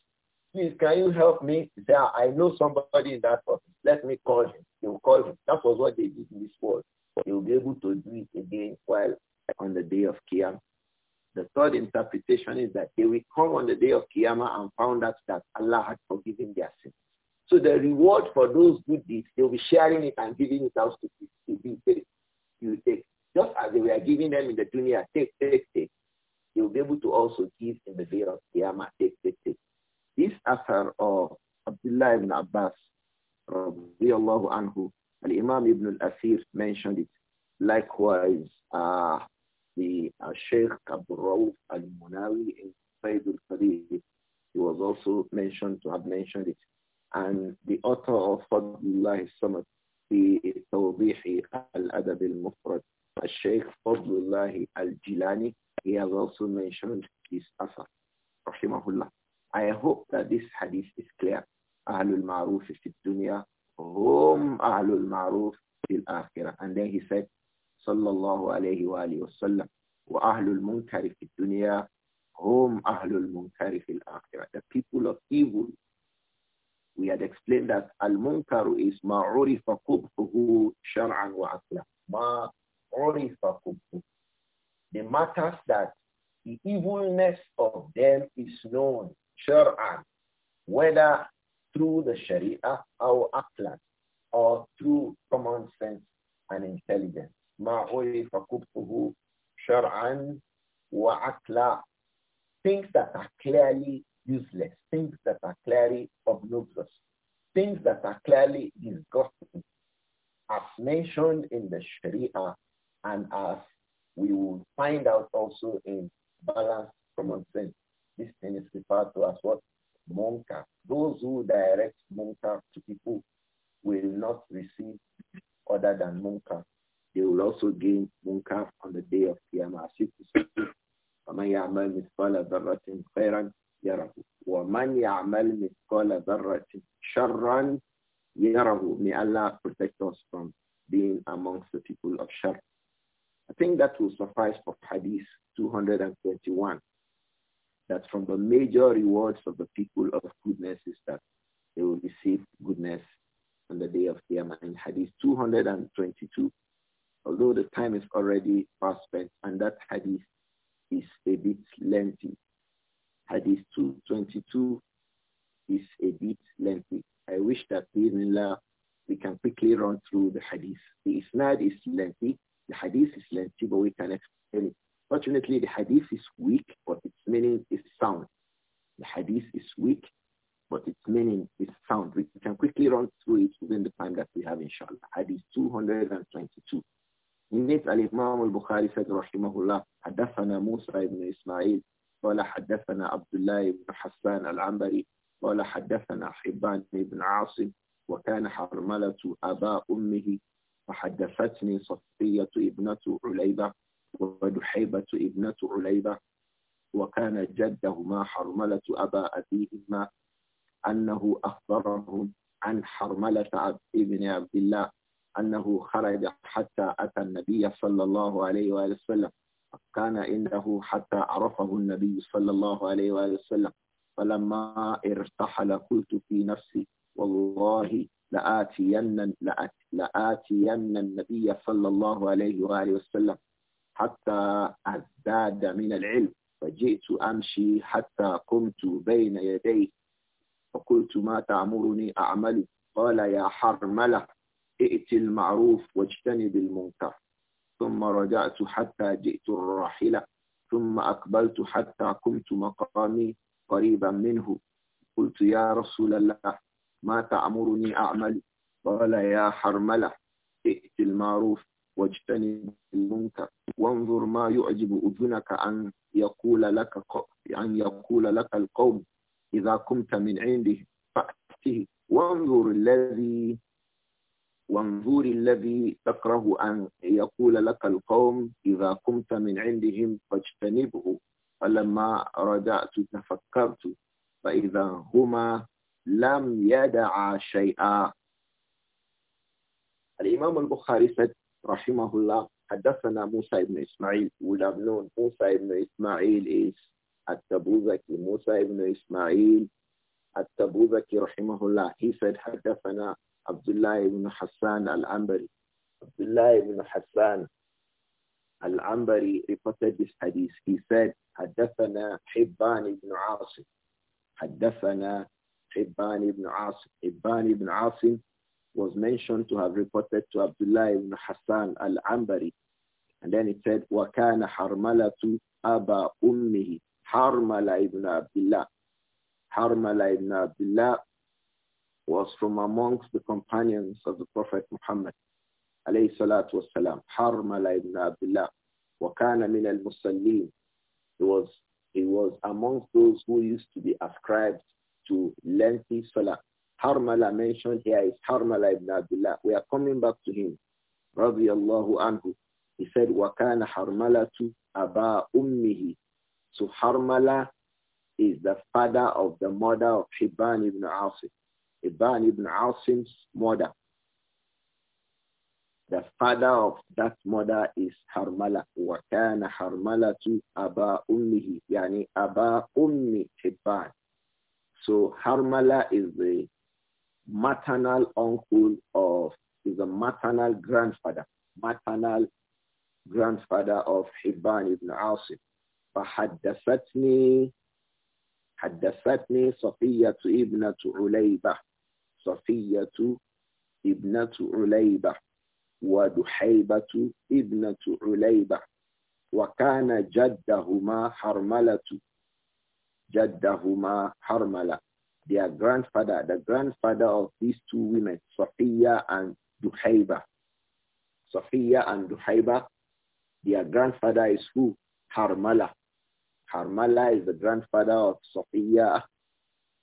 Please, can you help me? There, I know somebody in that office. Let me call him. He will call him. That was what they did in this world. They will be able to do it again while on the day of Qiyamah. The third interpretation is that they will come on the day of Qiyamah and found out that Allah had forgiven their sins. So the reward for those good deeds, they'll be sharing it and giving it out to people. You take, just as they were giving them in the dunya, take, take, take. You'll be able to also give in the day of Qiyamah, take, take, take. This affair of Abdullah ibn Abbas, radiallahu anhu, Al-Imam ibn al-Asir mentioned it. Likewise, uh, the uh, Sheikh Abu Rauf al-Munawi in Sayyid al-Qadir. He was also mentioned to have mentioned it. And the author of Fadlullah Samad, the Tawbihi al-Adab al-Mufrad, Sheikh Fadlullah al-Jilani, he has also mentioned his asar, rahimahullah. I hope that this hadith is clear. Ahlul Ma'ruf is the dunya, hum Ahlul Ma'ruf the akhirah. And then he said, sallallahu alayhi wa alayhi wa sallam. وَأَهْلُ الْمُنْكَرِ فِي الدُّنْيَا هُمْ أَهْلُ الْمُنْكَرِ فِي الْآخِرَةِ The people of evil. We had explained that al-munkaru is مَا عُرِفَ قُبْحُهُ شَرْعًا وَعَقْلًا مَا عُرِفَ قُبْحُهُ The matters that the evilness of them is known شَرْعًا whether through the Sharia or Akhlaq or through common sense and intelligence. ما عرف كبته شرعا وعقلا things that are clearly useless, things that are clearly obnoxious, things that are clearly disgusting, as mentioned in the Sharia and as we will find out also in balance common sense. This thing is referred to as what? Monka. Those who direct monka to people will not receive other than monka they will also gain munkar on the day of Qiyamah. وَمَنْ يَرَهُ وَمَنْ يَعْمَلْ مِثْقَالَ ذَرَّةٍ شَرًّا يَرَهُ May Allah protect us from being amongst the people of Shar. I think that will suffice for Hadith 221. That from the major rewards of the people of goodness is that they will receive goodness on the day of Qiyamah in Hadith 222 although the time is already fast spent and that hadith is a bit lengthy. Hadith 222 is a bit lengthy. I wish that we can quickly run through the hadith. The isnad is lengthy, the hadith is lengthy, but we can explain it. Fortunately, the hadith is weak, but its meaning is sound. The hadith is weak, but its meaning is sound. We can quickly run through it within the time that we have, inshallah. Hadith 222. نيت الإمام البخاري سيد رحمه الله حدثنا موسى بن إسماعيل ولا حدثنا عبد الله بن حسان العنبري ولا حدثنا حبان بن عاصم وكان حرملة أبا أمه وحدثتني صفية ابنة عليبة ودحيبة ابنة عليبة وكان جدهما حرملة أبا أبيهما أنه أخبرهم عن حرملة ابن عبد الله أنه خرج حتى أتى النبي صلى الله عليه وآله وسلم كان عنده حتى عرفه النبي صلى الله عليه وآله وسلم فلما ارتحل قلت في نفسي والله لآتين لآتين النبي صلى الله عليه وآله وسلم حتى أزداد من العلم فجئت أمشي حتى قمت بين يديه فقلت ما تأمرني أعمل قال يا حرملة ائت المعروف واجتنب المنكر ثم رجعت حتى جئت الراحلة ثم أقبلت حتى قمت مقامي قريبا منه قلت يا رسول الله ما تأمرني أعمل قال يا حرملة ائت المعروف واجتنب المنكر وانظر ما يعجب أذنك أن يقول لك أن يقول لك القوم إذا قمت من عنده فأته وانظر الذي وانظر الذي تكره أن يقول لك القوم إذا قمت من عندهم فاجتنبه فلما رجعت تفكرت فإذا هما لم يدعا شيئا الإمام البخاري said رحمه الله حدثنا موسى بن إسماعيل would موسى بن إسماعيل is التبوذكي موسى بن إسماعيل التبوذكي رحمه الله he said حدثنا Abdullah ibn Hassan al-Ambari. Abdullah ibn Hassan al-Ambari reported this hadith. He said, حدثنا حبان ibn عاصم حدثنا حبان ibn عاصم حبان ibn عاصم was mentioned to have reported to Abdullah ibn Hassan al-Ambari. And then he said, وَكَانَ حَرْمَلَةُ أَبَا أُمِّهِ Harmala ibn Abdullah. Harmala ibn Abdullah was from amongst the companions of the Prophet Muhammad عليه الصلاة والسلام حرملة ibn Abdullah وكان من المسلمين he was he was amongst those who used to be ascribed to lengthy salah Harmala mentioned here is Harmala ibn Abdullah we are coming back to him رضي الله عنه he said وكان حرملة أبا أمه so Harmala is the father of the mother of Hibban ibn Asif Ibn ibn Asim's mother. The father of that mother is Harmala. وَكَانَ Harmala to Aba Ummihi, yani Aba Ummi Hibban. So Harmala is the maternal uncle of, is a maternal grandfather, maternal grandfather of Hibban ibn Asim. فحدثتني حدثتني صفية ابنة عليبة Safiyatu ibnatu Ulayba wa Duhaybatu ibnatu Ulayba wa kana jaddahuma Harmalatu jaddahuma Harmala their grandfather, the grandfather of these two women, Safiya and Duhaiba. Safiya and Duhaiba, their grandfather is who? Harmala. Harmala is the grandfather of Safiya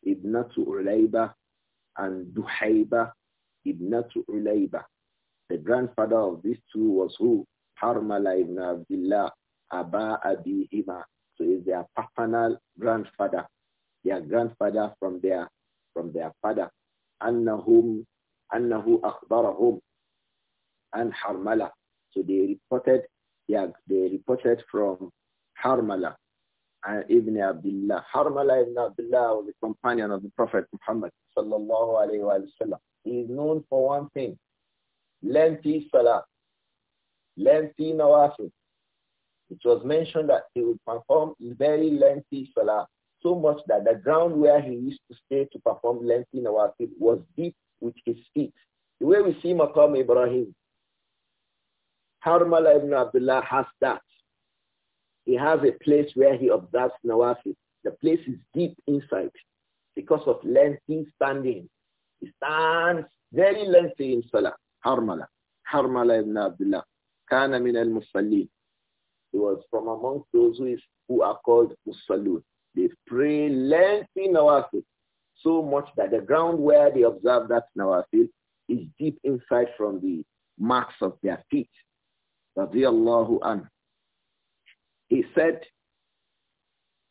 ibn Ulayba and Duhayba ibn Ulayba. The grandfather of these two was who? Harmala ibn Abdullah, Aba Abihima. So is their paternal grandfather, their grandfather from their from their father. Annahum, annahu Akbarahum and Harmala. So they reported, they, they reported from Harmala ibn Abdullah. Harmala ibn Abdullah was a companion of the Prophet Muhammad sallallahu alayhi wa sallam. He is known for one thing, lengthy salah, lengthy nawafil. It was mentioned that he would perform very lengthy salah, so much that the ground where he used to stay to perform lengthy nawafil was deep with his feet. The way we see Maqam Ibrahim, Harmala ibn Abdullah has that. He has a place where he observes Nawafi. The place is deep inside because of lengthy standing. He stands very lengthy in Salah. Harmala. Harmala ibn Abdullah. Kana min al Musallim. He was from among those who, is, who are called Musallun. They pray lengthy Nawafi so much that the ground where they observe that Nawafil is deep inside from the marks of their feet. Radiallahu anhu. He said,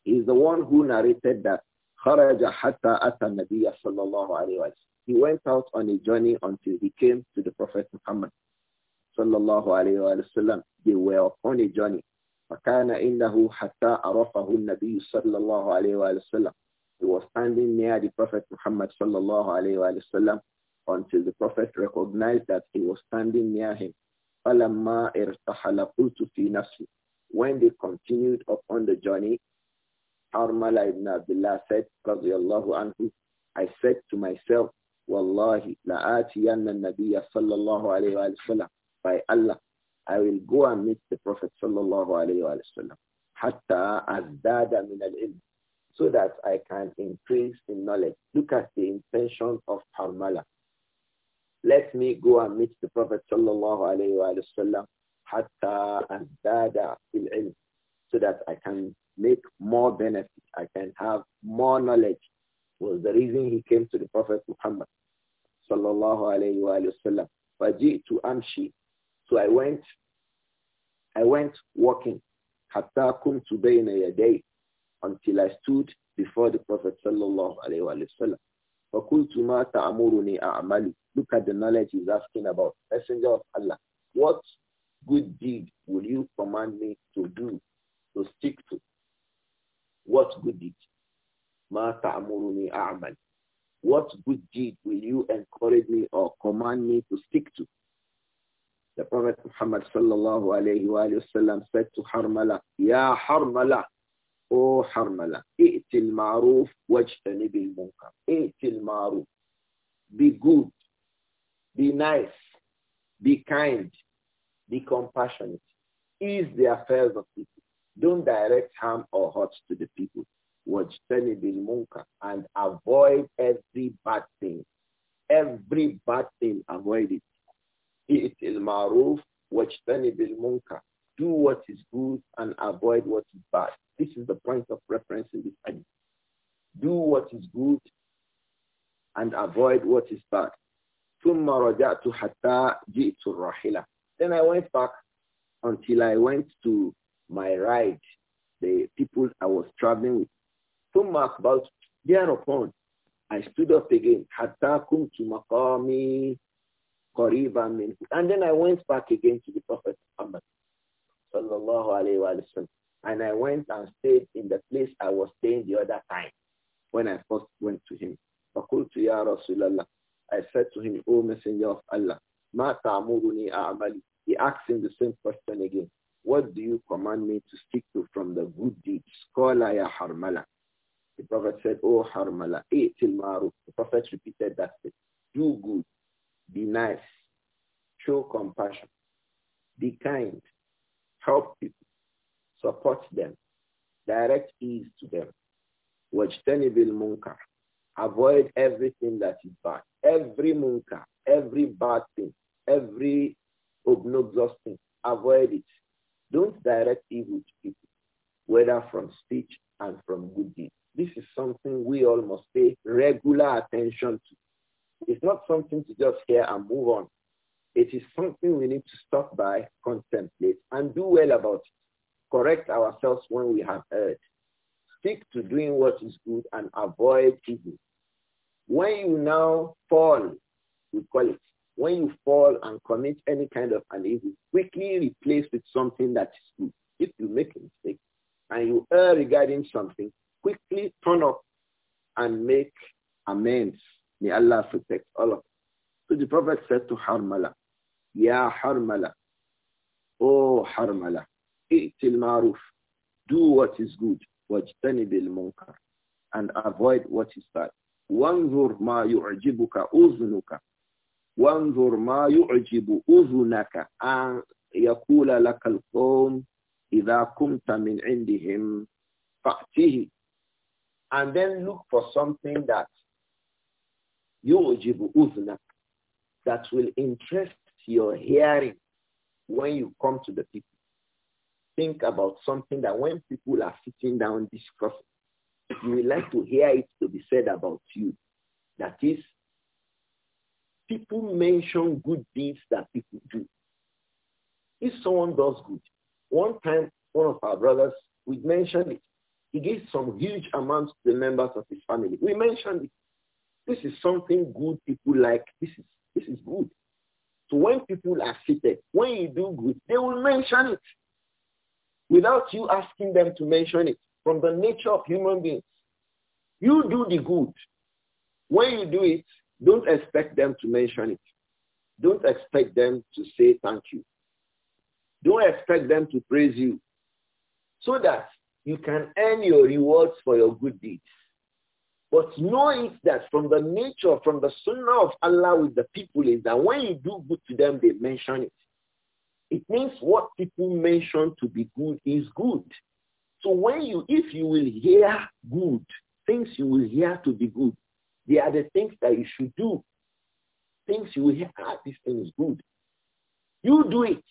he's the one who narrated that خرج حتى أتى النبي صلى الله عليه وسلم. He went out on a journey until he came to the Prophet Muhammad صلى الله عليه وسلم. They were on a journey. فكان إنه حتى عرفه النبي صلى الله عليه وسلم. He was standing near the Prophet Muhammad صلى الله عليه وسلم until the Prophet recognized that he was standing near him. فلما ارتحل قلت في نفسي when they continued upon the journey, Armala ibn Abdullah said, Radiallahu anhu, I said to myself, Wallahi, la'atiyanna Nabiya sallallahu alayhi wa sallam. By Allah, I will go and meet the Prophet sallallahu alayhi wa sallam. Hatta azdada min al-ilm. So that I can increase in knowledge. Look at the intention of Harmala. Let me go and meet the Prophet sallallahu alayhi wa sallam hatta azdada ilm, so that I can make more benefit, I can have more knowledge. Was the reason he came to the Prophet Muhammad sallallahu alayhi wa sallam. to amshi. So I went, I went walking. Hatta kumtu bayna yaday. Until I stood before the Prophet sallallahu alayhi wa sallam. فَقُلْتُ مَا تَعْمُرُنِي أَعْمَلُ Look at the knowledge he's asking about. Messenger of Allah. What good deed will you command me to do, to stick to? What good deed? Ma ta'amuruni a'mal. What good deed will you encourage me or command me to stick to? The Prophet Muhammad sallallahu alayhi wa sallam said to Harmala, Ya Harmala, O Harmala, i'til ma'roof wajtanibil munkar. I'til Maruf. Be good. Be nice. Be kind be compassionate. Ease the affairs of people. Don't direct harm or hurt to the people. وَاجْتَنِبِ الْمُنْكَرَ And avoid every bad thing. Every bad thing, avoid it. It is maruf, وَاجْتَنِبِ الْمُنْكَرَ Do what is good and avoid what is bad. This is the point of reference in this hadith. Do what is good and avoid what is bad. ثم رجعت حتى جئت الراحلة then I went back until I went to my right, the people I was traveling with. So Mark, about thereupon, I stood up again. And then I went back again to the Prophet Muhammad. Sallallahu alayhi wa sallam. And I went and stayed in the place I was staying the other time when I first went to him. I said to him, O Messenger of Allah, a'mali. He asks him the same question again. What do you command me to stick to from the good deeds? ya harmala. The Prophet said, Oh harmala, i'til maru. The Prophet repeated that thing. Do good. Be nice. Show compassion. Be kind. Help people. Support them. Direct ease to them. Wajtanibil munkar Avoid everything that is bad. Every munka, every bad thing, every obnoxious thing. Avoid it. Don't direct evil to people, whether from speech and from good deeds. This is something we all must pay regular attention to. It's not something to just hear and move on. It is something we need to stop by, contemplate, and do well about it. Correct ourselves when we have erred. Stick to doing what is good and avoid evil. When you now fall, we call it, when you fall and commit any kind of an evil, quickly replace with something that is good. If you make a mistake and you err regarding something, quickly turn up and make amends. May Allah protect all of us. So the Prophet said to Harmala, Ya Harmala, O oh Harmala, I'til Maruf, do what is good, wajtani bil munkar, and avoid what is bad. وانظر ما يعجبك أذنك وانظر ما يعجب أذنك أن يقول لك القوم إذا كنت من عندهم فأتيه and then look for something that يعجب أذنك that will interest your hearing when you come to the people. Think about something that when people are sitting down discussing, you will like to hear it to be said about you. That is, people mention good deeds that people do. If someone does good, one time one of our brothers, we mentioned it. He gave some huge amounts to the members of his family. We mentioned it. This is something good people like. This is, this is good. So when people are seated, when you do good, they will mention it without you asking them to mention it from the nature of human beings. You do the good. When you do it, don't expect them to mention it. Don't expect them to say thank you. Don't expect them to praise you so that you can earn your rewards for your good deeds. But know it that from the nature, from the sunnah of Allah with the people is that when you do good to them, they mention it. It means what people mention to be good is good. So when you, if you will hear good, things you will hear to be good, they are the things that you should do. Things you will hear, ah, this thing is good. You do it.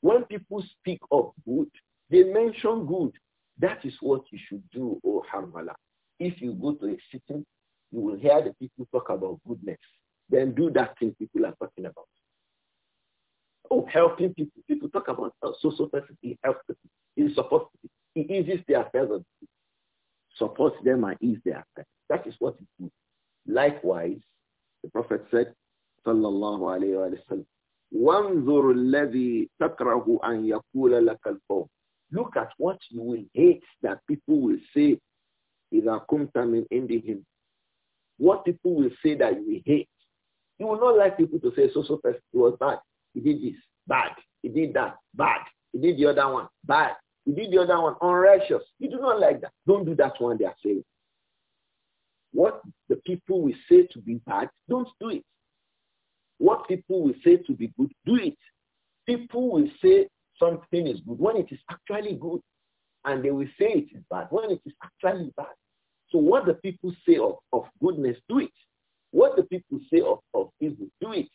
When people speak of good, they mention good. That is what you should do, O Harmala. If you go to a sitting, you will hear the people talk about goodness. Then do that thing people are talking about. Oh, helping people. People talk about oh, so so person. supposed to people. He eases the affairs of Supports them and ease their affairs. That is what he means. Likewise, the Prophet said, sallallahu alayhi wa sallam, وانظر الذي تكره أن يقول لك القوم Look at what you will hate that people will say إذا كنت من him. What people will say that you will hate. You will not like people to say so-so person, was bad, he did this, bad, he did that, bad, he did the other one, bad. You did the other one unrighteous. You do not like that. Don't do that one they are saying. What the people will say to be bad, don't do it. What people will say to be good, do it. People will say something is good when it is actually good. And they will say it is bad when it is actually bad. So what the people say of, of goodness, do it. What the people say of, of evil, do it.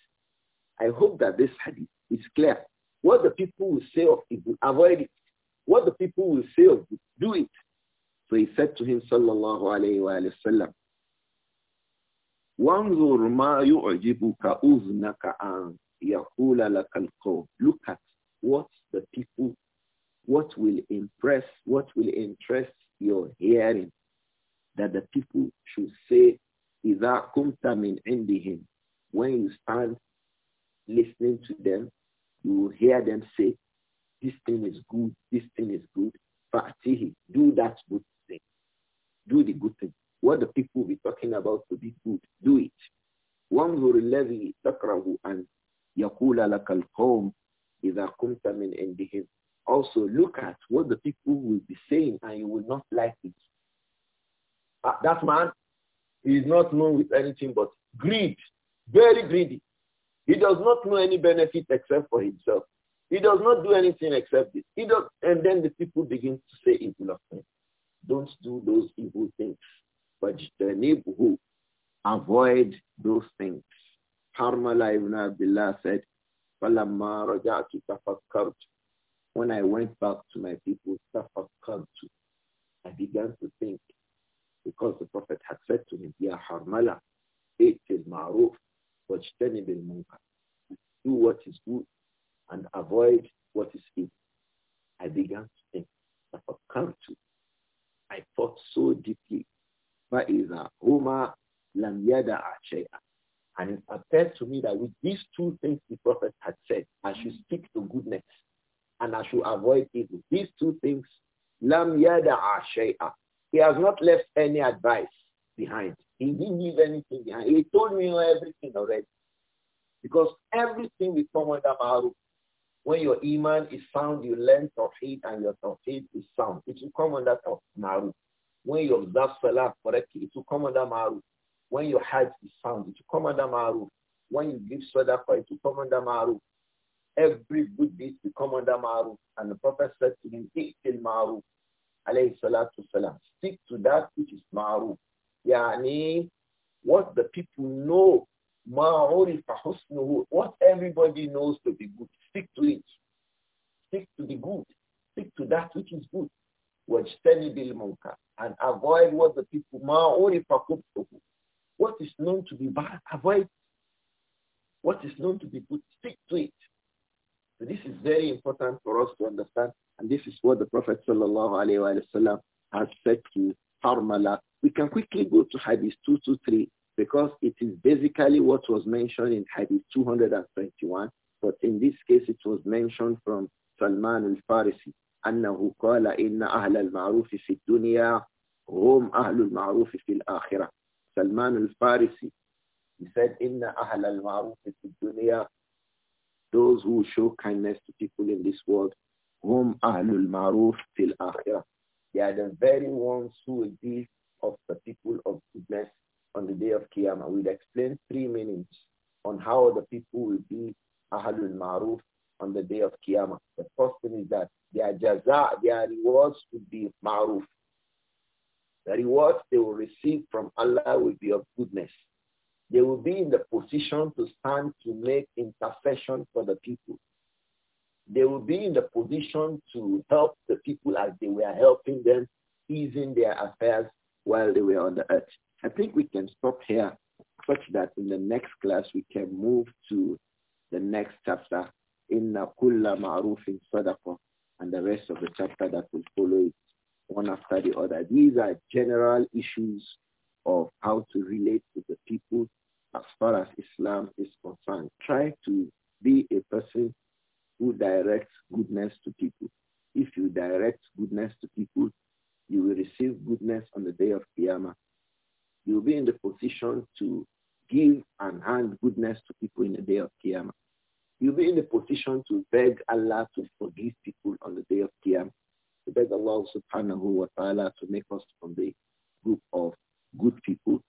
I hope that this hadith is clear. What the people will say of evil, avoid it. What the people will say of you, do it. So he said to him, sallallahu alayhi wa, sallam, وَانْظُرْ مَا يُعْجِبُكَ أُذْنَكَ أَنْ يَقُولَ لَكَ الْقَوْمِ Look at what the people, what will impress, what will interest your hearing that the people should say, إِذَا كُمْتَ مِنْ عِنْدِهِمْ When you stand listening to them, you will hear them say, man is not known with anything but greed, very greedy. He does not know any benefit except for himself. He does not do anything except this. He does, and then the people begin to say evil of him. Don't do those evil things. But the neighborhood, avoid those things. Harmala ibn Abdullah said, when I went back He has not left any advice behind. He didn't leave anything behind. He told me everything already. Because everything will come under Ma'aruf. When your iman is sound, you learn Tawheed and your Tawheed is sound. It will come under maru. When you observe Salah correctly, it will come under maru. When your Hajj is sound, it will come under Ma'aruf. When you give Sadaqah, it will come under Ma'aruf. Every good deed will come under maru, And the Prophet said to him, Iqtil maru." alayhi salatu salam. Stick to that which is ma'ruf. Yani what the people know, ma'ruf husnuhu, what everybody knows to be good. Stick to it. Stick to the good. Stick to that which is good. Wajtanibil munkar. And avoid what the people, ma'ruf kubtuhu. What is known to be bad, avoid. What is known to be good, stick to it. So this is very important for us to understand, and this is what the Prophet wasallam has said to Harmala. We can quickly go to Hadith 223 because it is basically what was mentioned in Hadith 221, but in this case it was mentioned from Salman al-Farisi, أنه قال إن أهل المعروف في الدنيا هم أهل المعروف في الآخرة. Salman al-Farisi, he said, إن أهل المعروف في الدنيا those who show kindness to people in this world, whom ahlul maruf fil akhirah. They are the very ones who will be of the people of goodness on the day of Qiyamah. We'll explain three meanings on how the people will be ahlul maruf on the day of Qiyamah. The first thing is that their jaza, their rewards will be maruf. The rewards they will receive from Allah will be of goodness they will be in the position to stand to make intercession for the people. They will be in the position to help the people as they were helping them, easing their affairs while they were on the earth. I think we can stop here such that in the next class we can move to the next chapter, Nakulla Kulla in Sadaqah, and the rest of the chapter that will follow it, one after the other. These are general issues of how to relate to the people as far as Islam is concerned. Try to be a person who directs goodness to people. If you direct goodness to people, you will receive goodness on the day of Qiyamah. You will be in the position to give and hand goodness to people in the day of Qiyamah. You'll be in the position to beg Allah to forgive people on the day of Qiyamah. To beg Allah subhanahu wa ta'ala to make us from the group of good people.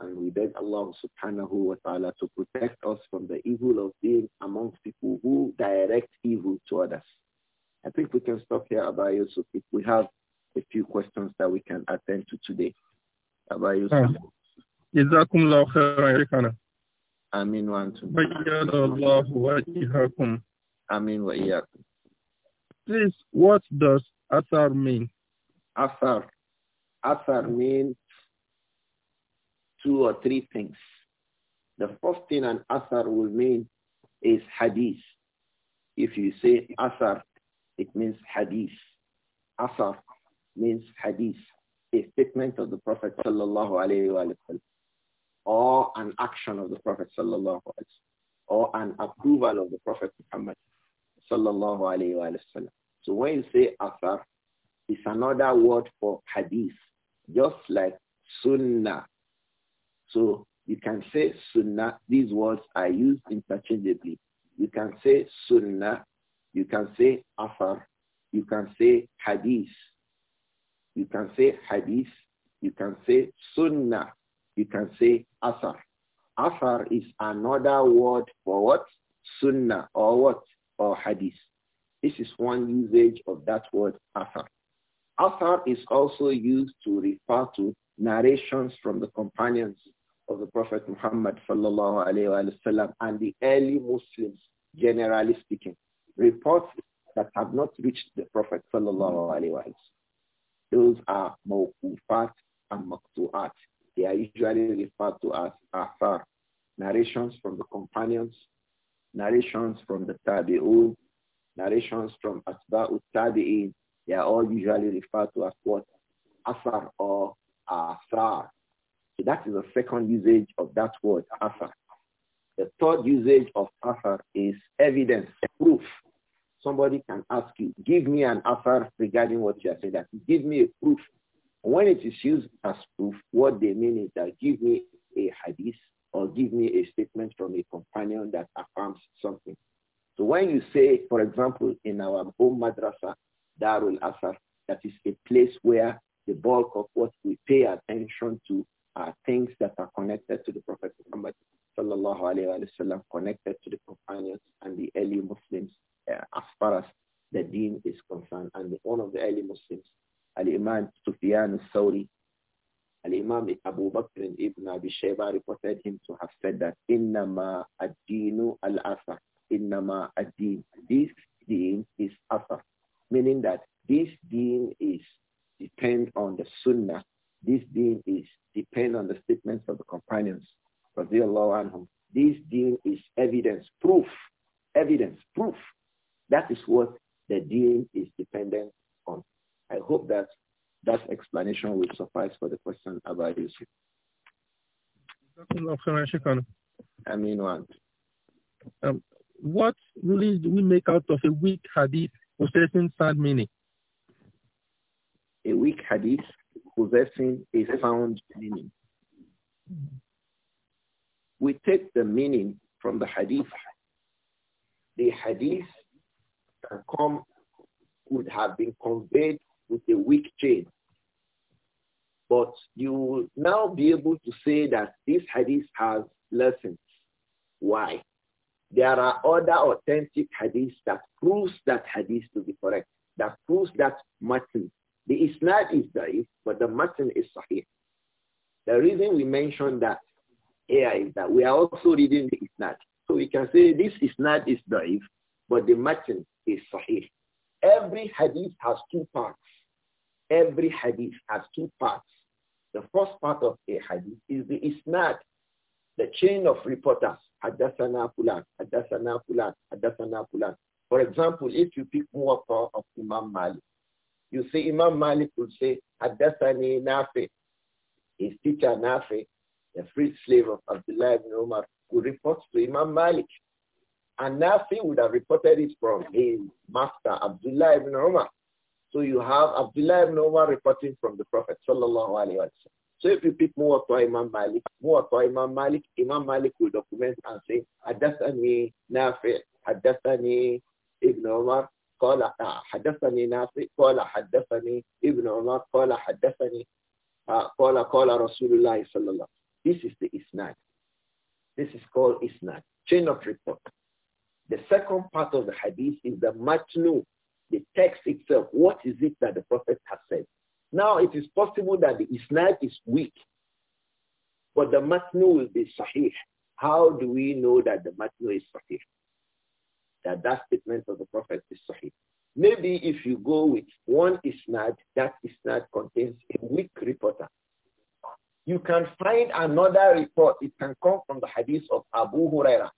And we beg Allah subhanahu wa ta'ala to protect us from the evil of being amongst people who direct evil to others. I think we can stop here, Abba Yusuf, if we have a few questions that we can attend to today. Abba Yusuf. Amin wa خيرا يا شيخنا. آمين وأنتم. بيّن الله وجهكم. Please, what does asar mean? Asar. Asar means two or three things. The first thing an asar will mean is hadith. If you say asar, it means hadith. Asar means hadith, a statement of the Prophet sallallahu alaihi wasallam, or an action of the Prophet sallallahu alaihi wasallam, or an approval of the Prophet Muhammad sallallahu alaihi wasallam. So when you say asar, it's another word for hadith, just like sunnah so you can say sunnah. These words are used interchangeably. You can say sunnah. You can say afar. You can say hadith. You can say hadith. You can say sunnah. You can say asar. Asar is another word for what? Sunnah or what? Or hadith. This is one usage of that word asar. Asar is also used to refer to narrations from the companions of the Prophet Muhammad sallallahu and the early Muslims, generally speaking, reports that have not reached the Prophet sallallahu Those are mawkufat and maktu'at. They are usually referred to as athar, narrations from the companions, narrations from the tabi'un, narrations from atba'ut tabi'in. They are all usually referred to as what? Athar or athar. So that is the second usage of that word, afar. The third usage of afar is evidence, proof. Somebody can ask you, give me an afar regarding what you are saying. That give me a proof. When it is used as proof, what they mean is that give me a hadith or give me a statement from a companion that affirms something. So when you say, for example, in our home madrasa, Darul Asar, that is a place where the bulk of what we pay attention to are things that are connected to the Prophet Muhammad sallallahu alayhi wa connected to the companions and the early Muslims uh, as far as the deen is concerned. And one of the early Muslims, Al-Imam Sufyan al-Sawri, Al-Imam Abu Bakr ibn Abi Shayba reported him to have said that, Innama ad-deenu al-asar, Innama ad-deen. This deen is asar, meaning that this deen is depend on the sunnah this deen is depend on the statements of the companions, Allah anhum. This deen is evidence, proof, evidence, proof. That is what the deen is dependent on. I hope that that explanation will suffice for the question about Yusuf. I mean, what? Um, what rulings do we make out of a weak hadith possessing sad meaning? A weak hadith possessing a sound meaning. We take the meaning from the hadith. The hadith can come would have been conveyed with a weak chain. But you will now be able to say that this hadith has lessons. Why? There are other authentic hadiths that proves that hadith to be correct, that proves that Martin the isnad is da'if, but the matan is sahih. The reason we mention that here is that we are also reading the isnad. So we can say this isnad is da'if, but the matan is sahih. Every hadith has two parts. Every hadith has two parts. The first part of a hadith is the isnad, the chain of reporters. Hadassana Fulan, Hadassana Fulan, Hadassana Fulan. For example, if you pick Muwatta of Imam Malik, you see, Imam Malik would say, Adasani Nafi, his teacher Nafi, the free slave of Abdullah ibn Umar, would report to Imam Malik. And Nafi would have reported it from his master, Abdullah ibn Umar. So you have Abdullah ibn Umar reporting from the Prophet, sallallahu alayhi wa So if you pick Muwatta Imam Malik, Muwatta Imam Malik, Imam Malik will document and say, Haddathani Nafi, Haddathani Ibn Umar, قال حدثني نافع قال حدثني ابن عمر قال حدثني قال قال رسول الله صلى الله This is the isnad. This is called isnad, chain of report. The second part of the hadith is the matnu, the text itself. What is it that the prophet has said? Now it is possible that the isnad is weak, but the matnu will be sahih. How do we know that the matnu is sahih? that that statement of the Prophet is sahih. Maybe if you go with one isnad, that isnad contains a weak reporter. You can find another report. It can come from the hadith of Abu Huraira.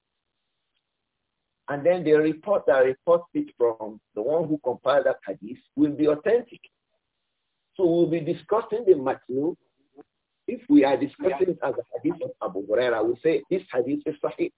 And then the report that reports it from the one who compiled that hadith will be authentic. So we'll be discussing the matnu. If we are discussing yeah. it as a hadith of Abu Huraira, we say this hadith is sahih.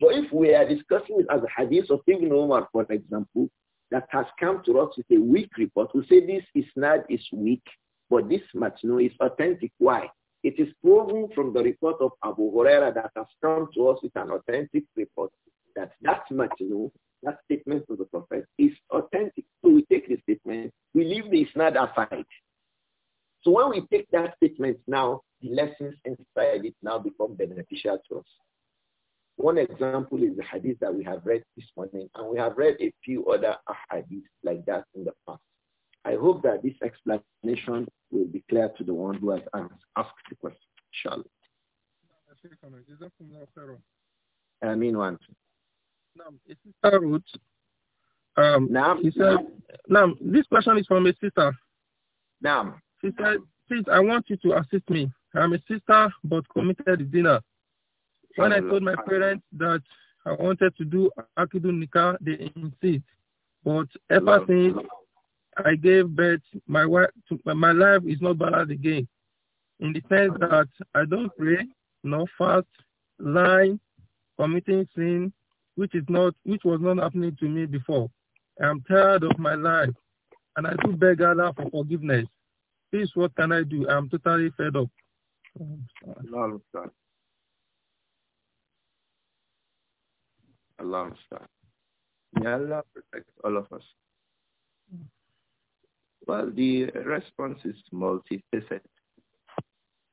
But if we are discussing it as a hadith of Ibn Umar, for example, that has come to us with a weak report, we say this not is weak, but this matno is authentic. Why? It is proven from the report of Abu Huraira that has come to us with an authentic report that that matno, that statement of the Prophet, is authentic. So we take the statement, we leave the isnad aside. So when we take that statement now, the lessons inside it now become beneficial to us. One example is the hadith that we have read this morning, and we have read a few other hadiths like that in the past. I hope that this explanation will be clear to the one who has asked the question. Inshallah. I mean one. Nam, sister Um, Nam, he said, Nam, this question is from a sister. Nam. She said, please, I want you to assist me. I'm a sister, but committed dinner. When I told my parents that I wanted to do Akidu they insist. But ever since I gave birth, my wife, my life is not balanced again. In the sense that I don't pray, no fast, lying, committing sin, which is not, which was not happening to me before. I'm tired of my life, and I do beg Allah for forgiveness. Please, what can I do? I'm totally fed up. Allah Allah protect all of us. Well, the response is multifaceted.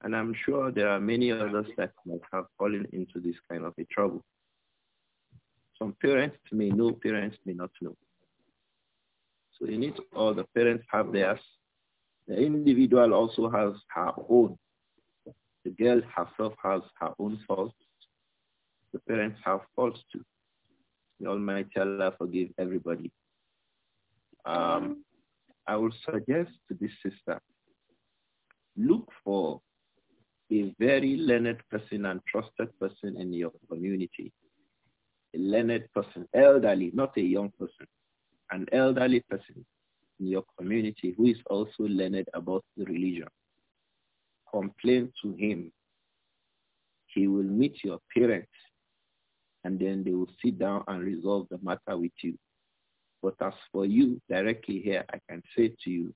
And I'm sure there are many others that might have fallen into this kind of a trouble. Some parents may know, parents may not know. So in it, all the parents have theirs. The individual also has her own. The girl herself has her own faults. The parents have faults too. May Almighty Allah forgive everybody. Um, mm-hmm. I would suggest to this sister, look for a very learned person and trusted person in your community. A learned person, elderly, not a young person, an elderly person in your community who is also learned about the religion. Complain to him. He will meet your parents and then they will sit down and resolve the matter with you. But as for you directly here, I can say to you,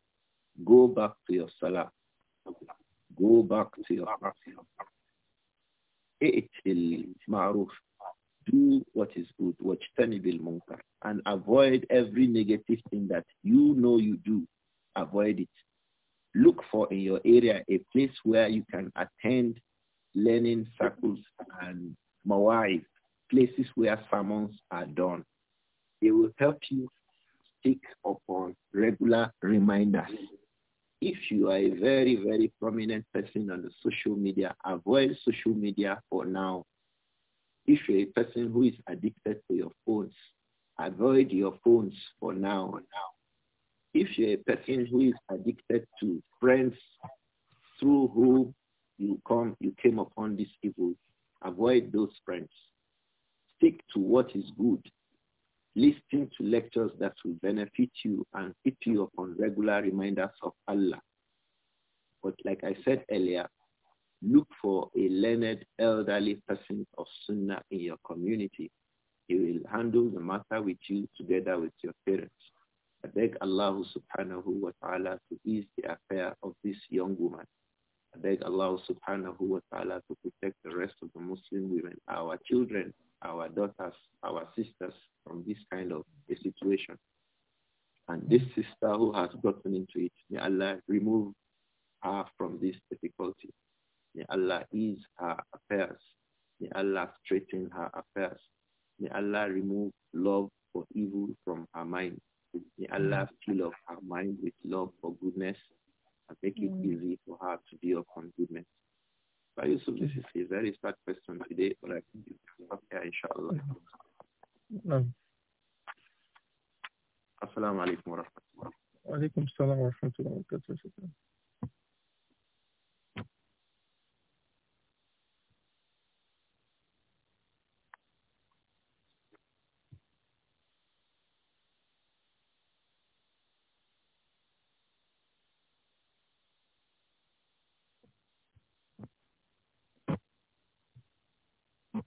go back to your salah. Go back to your ma'ruf. Do what is good, watch tanibil munkar, and avoid every negative thing that you know you do. Avoid it. Look for in your area a place where you can attend learning circles and mawa'id, places where sermons are done. They will help you stick upon regular reminders. If you are a very, very prominent person on the social media, avoid social media for now. If you're a person who is addicted to your phones, avoid your phones for now. Now, if you're a person who is addicted to friends through whom you come, you came upon this evil, avoid those friends stick to what is good. Listen to lectures that will benefit you and hit you upon regular reminders of Allah. But like I said earlier, look for a learned elderly person of Sunnah in your community. He will handle the matter with you together with your parents. I beg Allah subhanahu wa ta'ala to ease the affair of this young woman. I beg Allah subhanahu wa ta'ala to protect the rest of the Muslim women, our children, our daughters, our sisters from this kind of a situation. And this sister who has gotten into it, may Allah remove her from this difficulty. May Allah ease her affairs. May Allah straighten her affairs. May Allah remove love for evil from her mind. May Allah mm. fill up her mind with love for goodness and make it mm. easy for her to be upon goodness. I Yusuf, this is a very sad question today, but I think it's not here, inshallah. No. Mm-hmm. Assalamu mm-hmm. alaikum wa rahmatullah. Wa alaikum assalam wa rahmatullah wa barakatuh.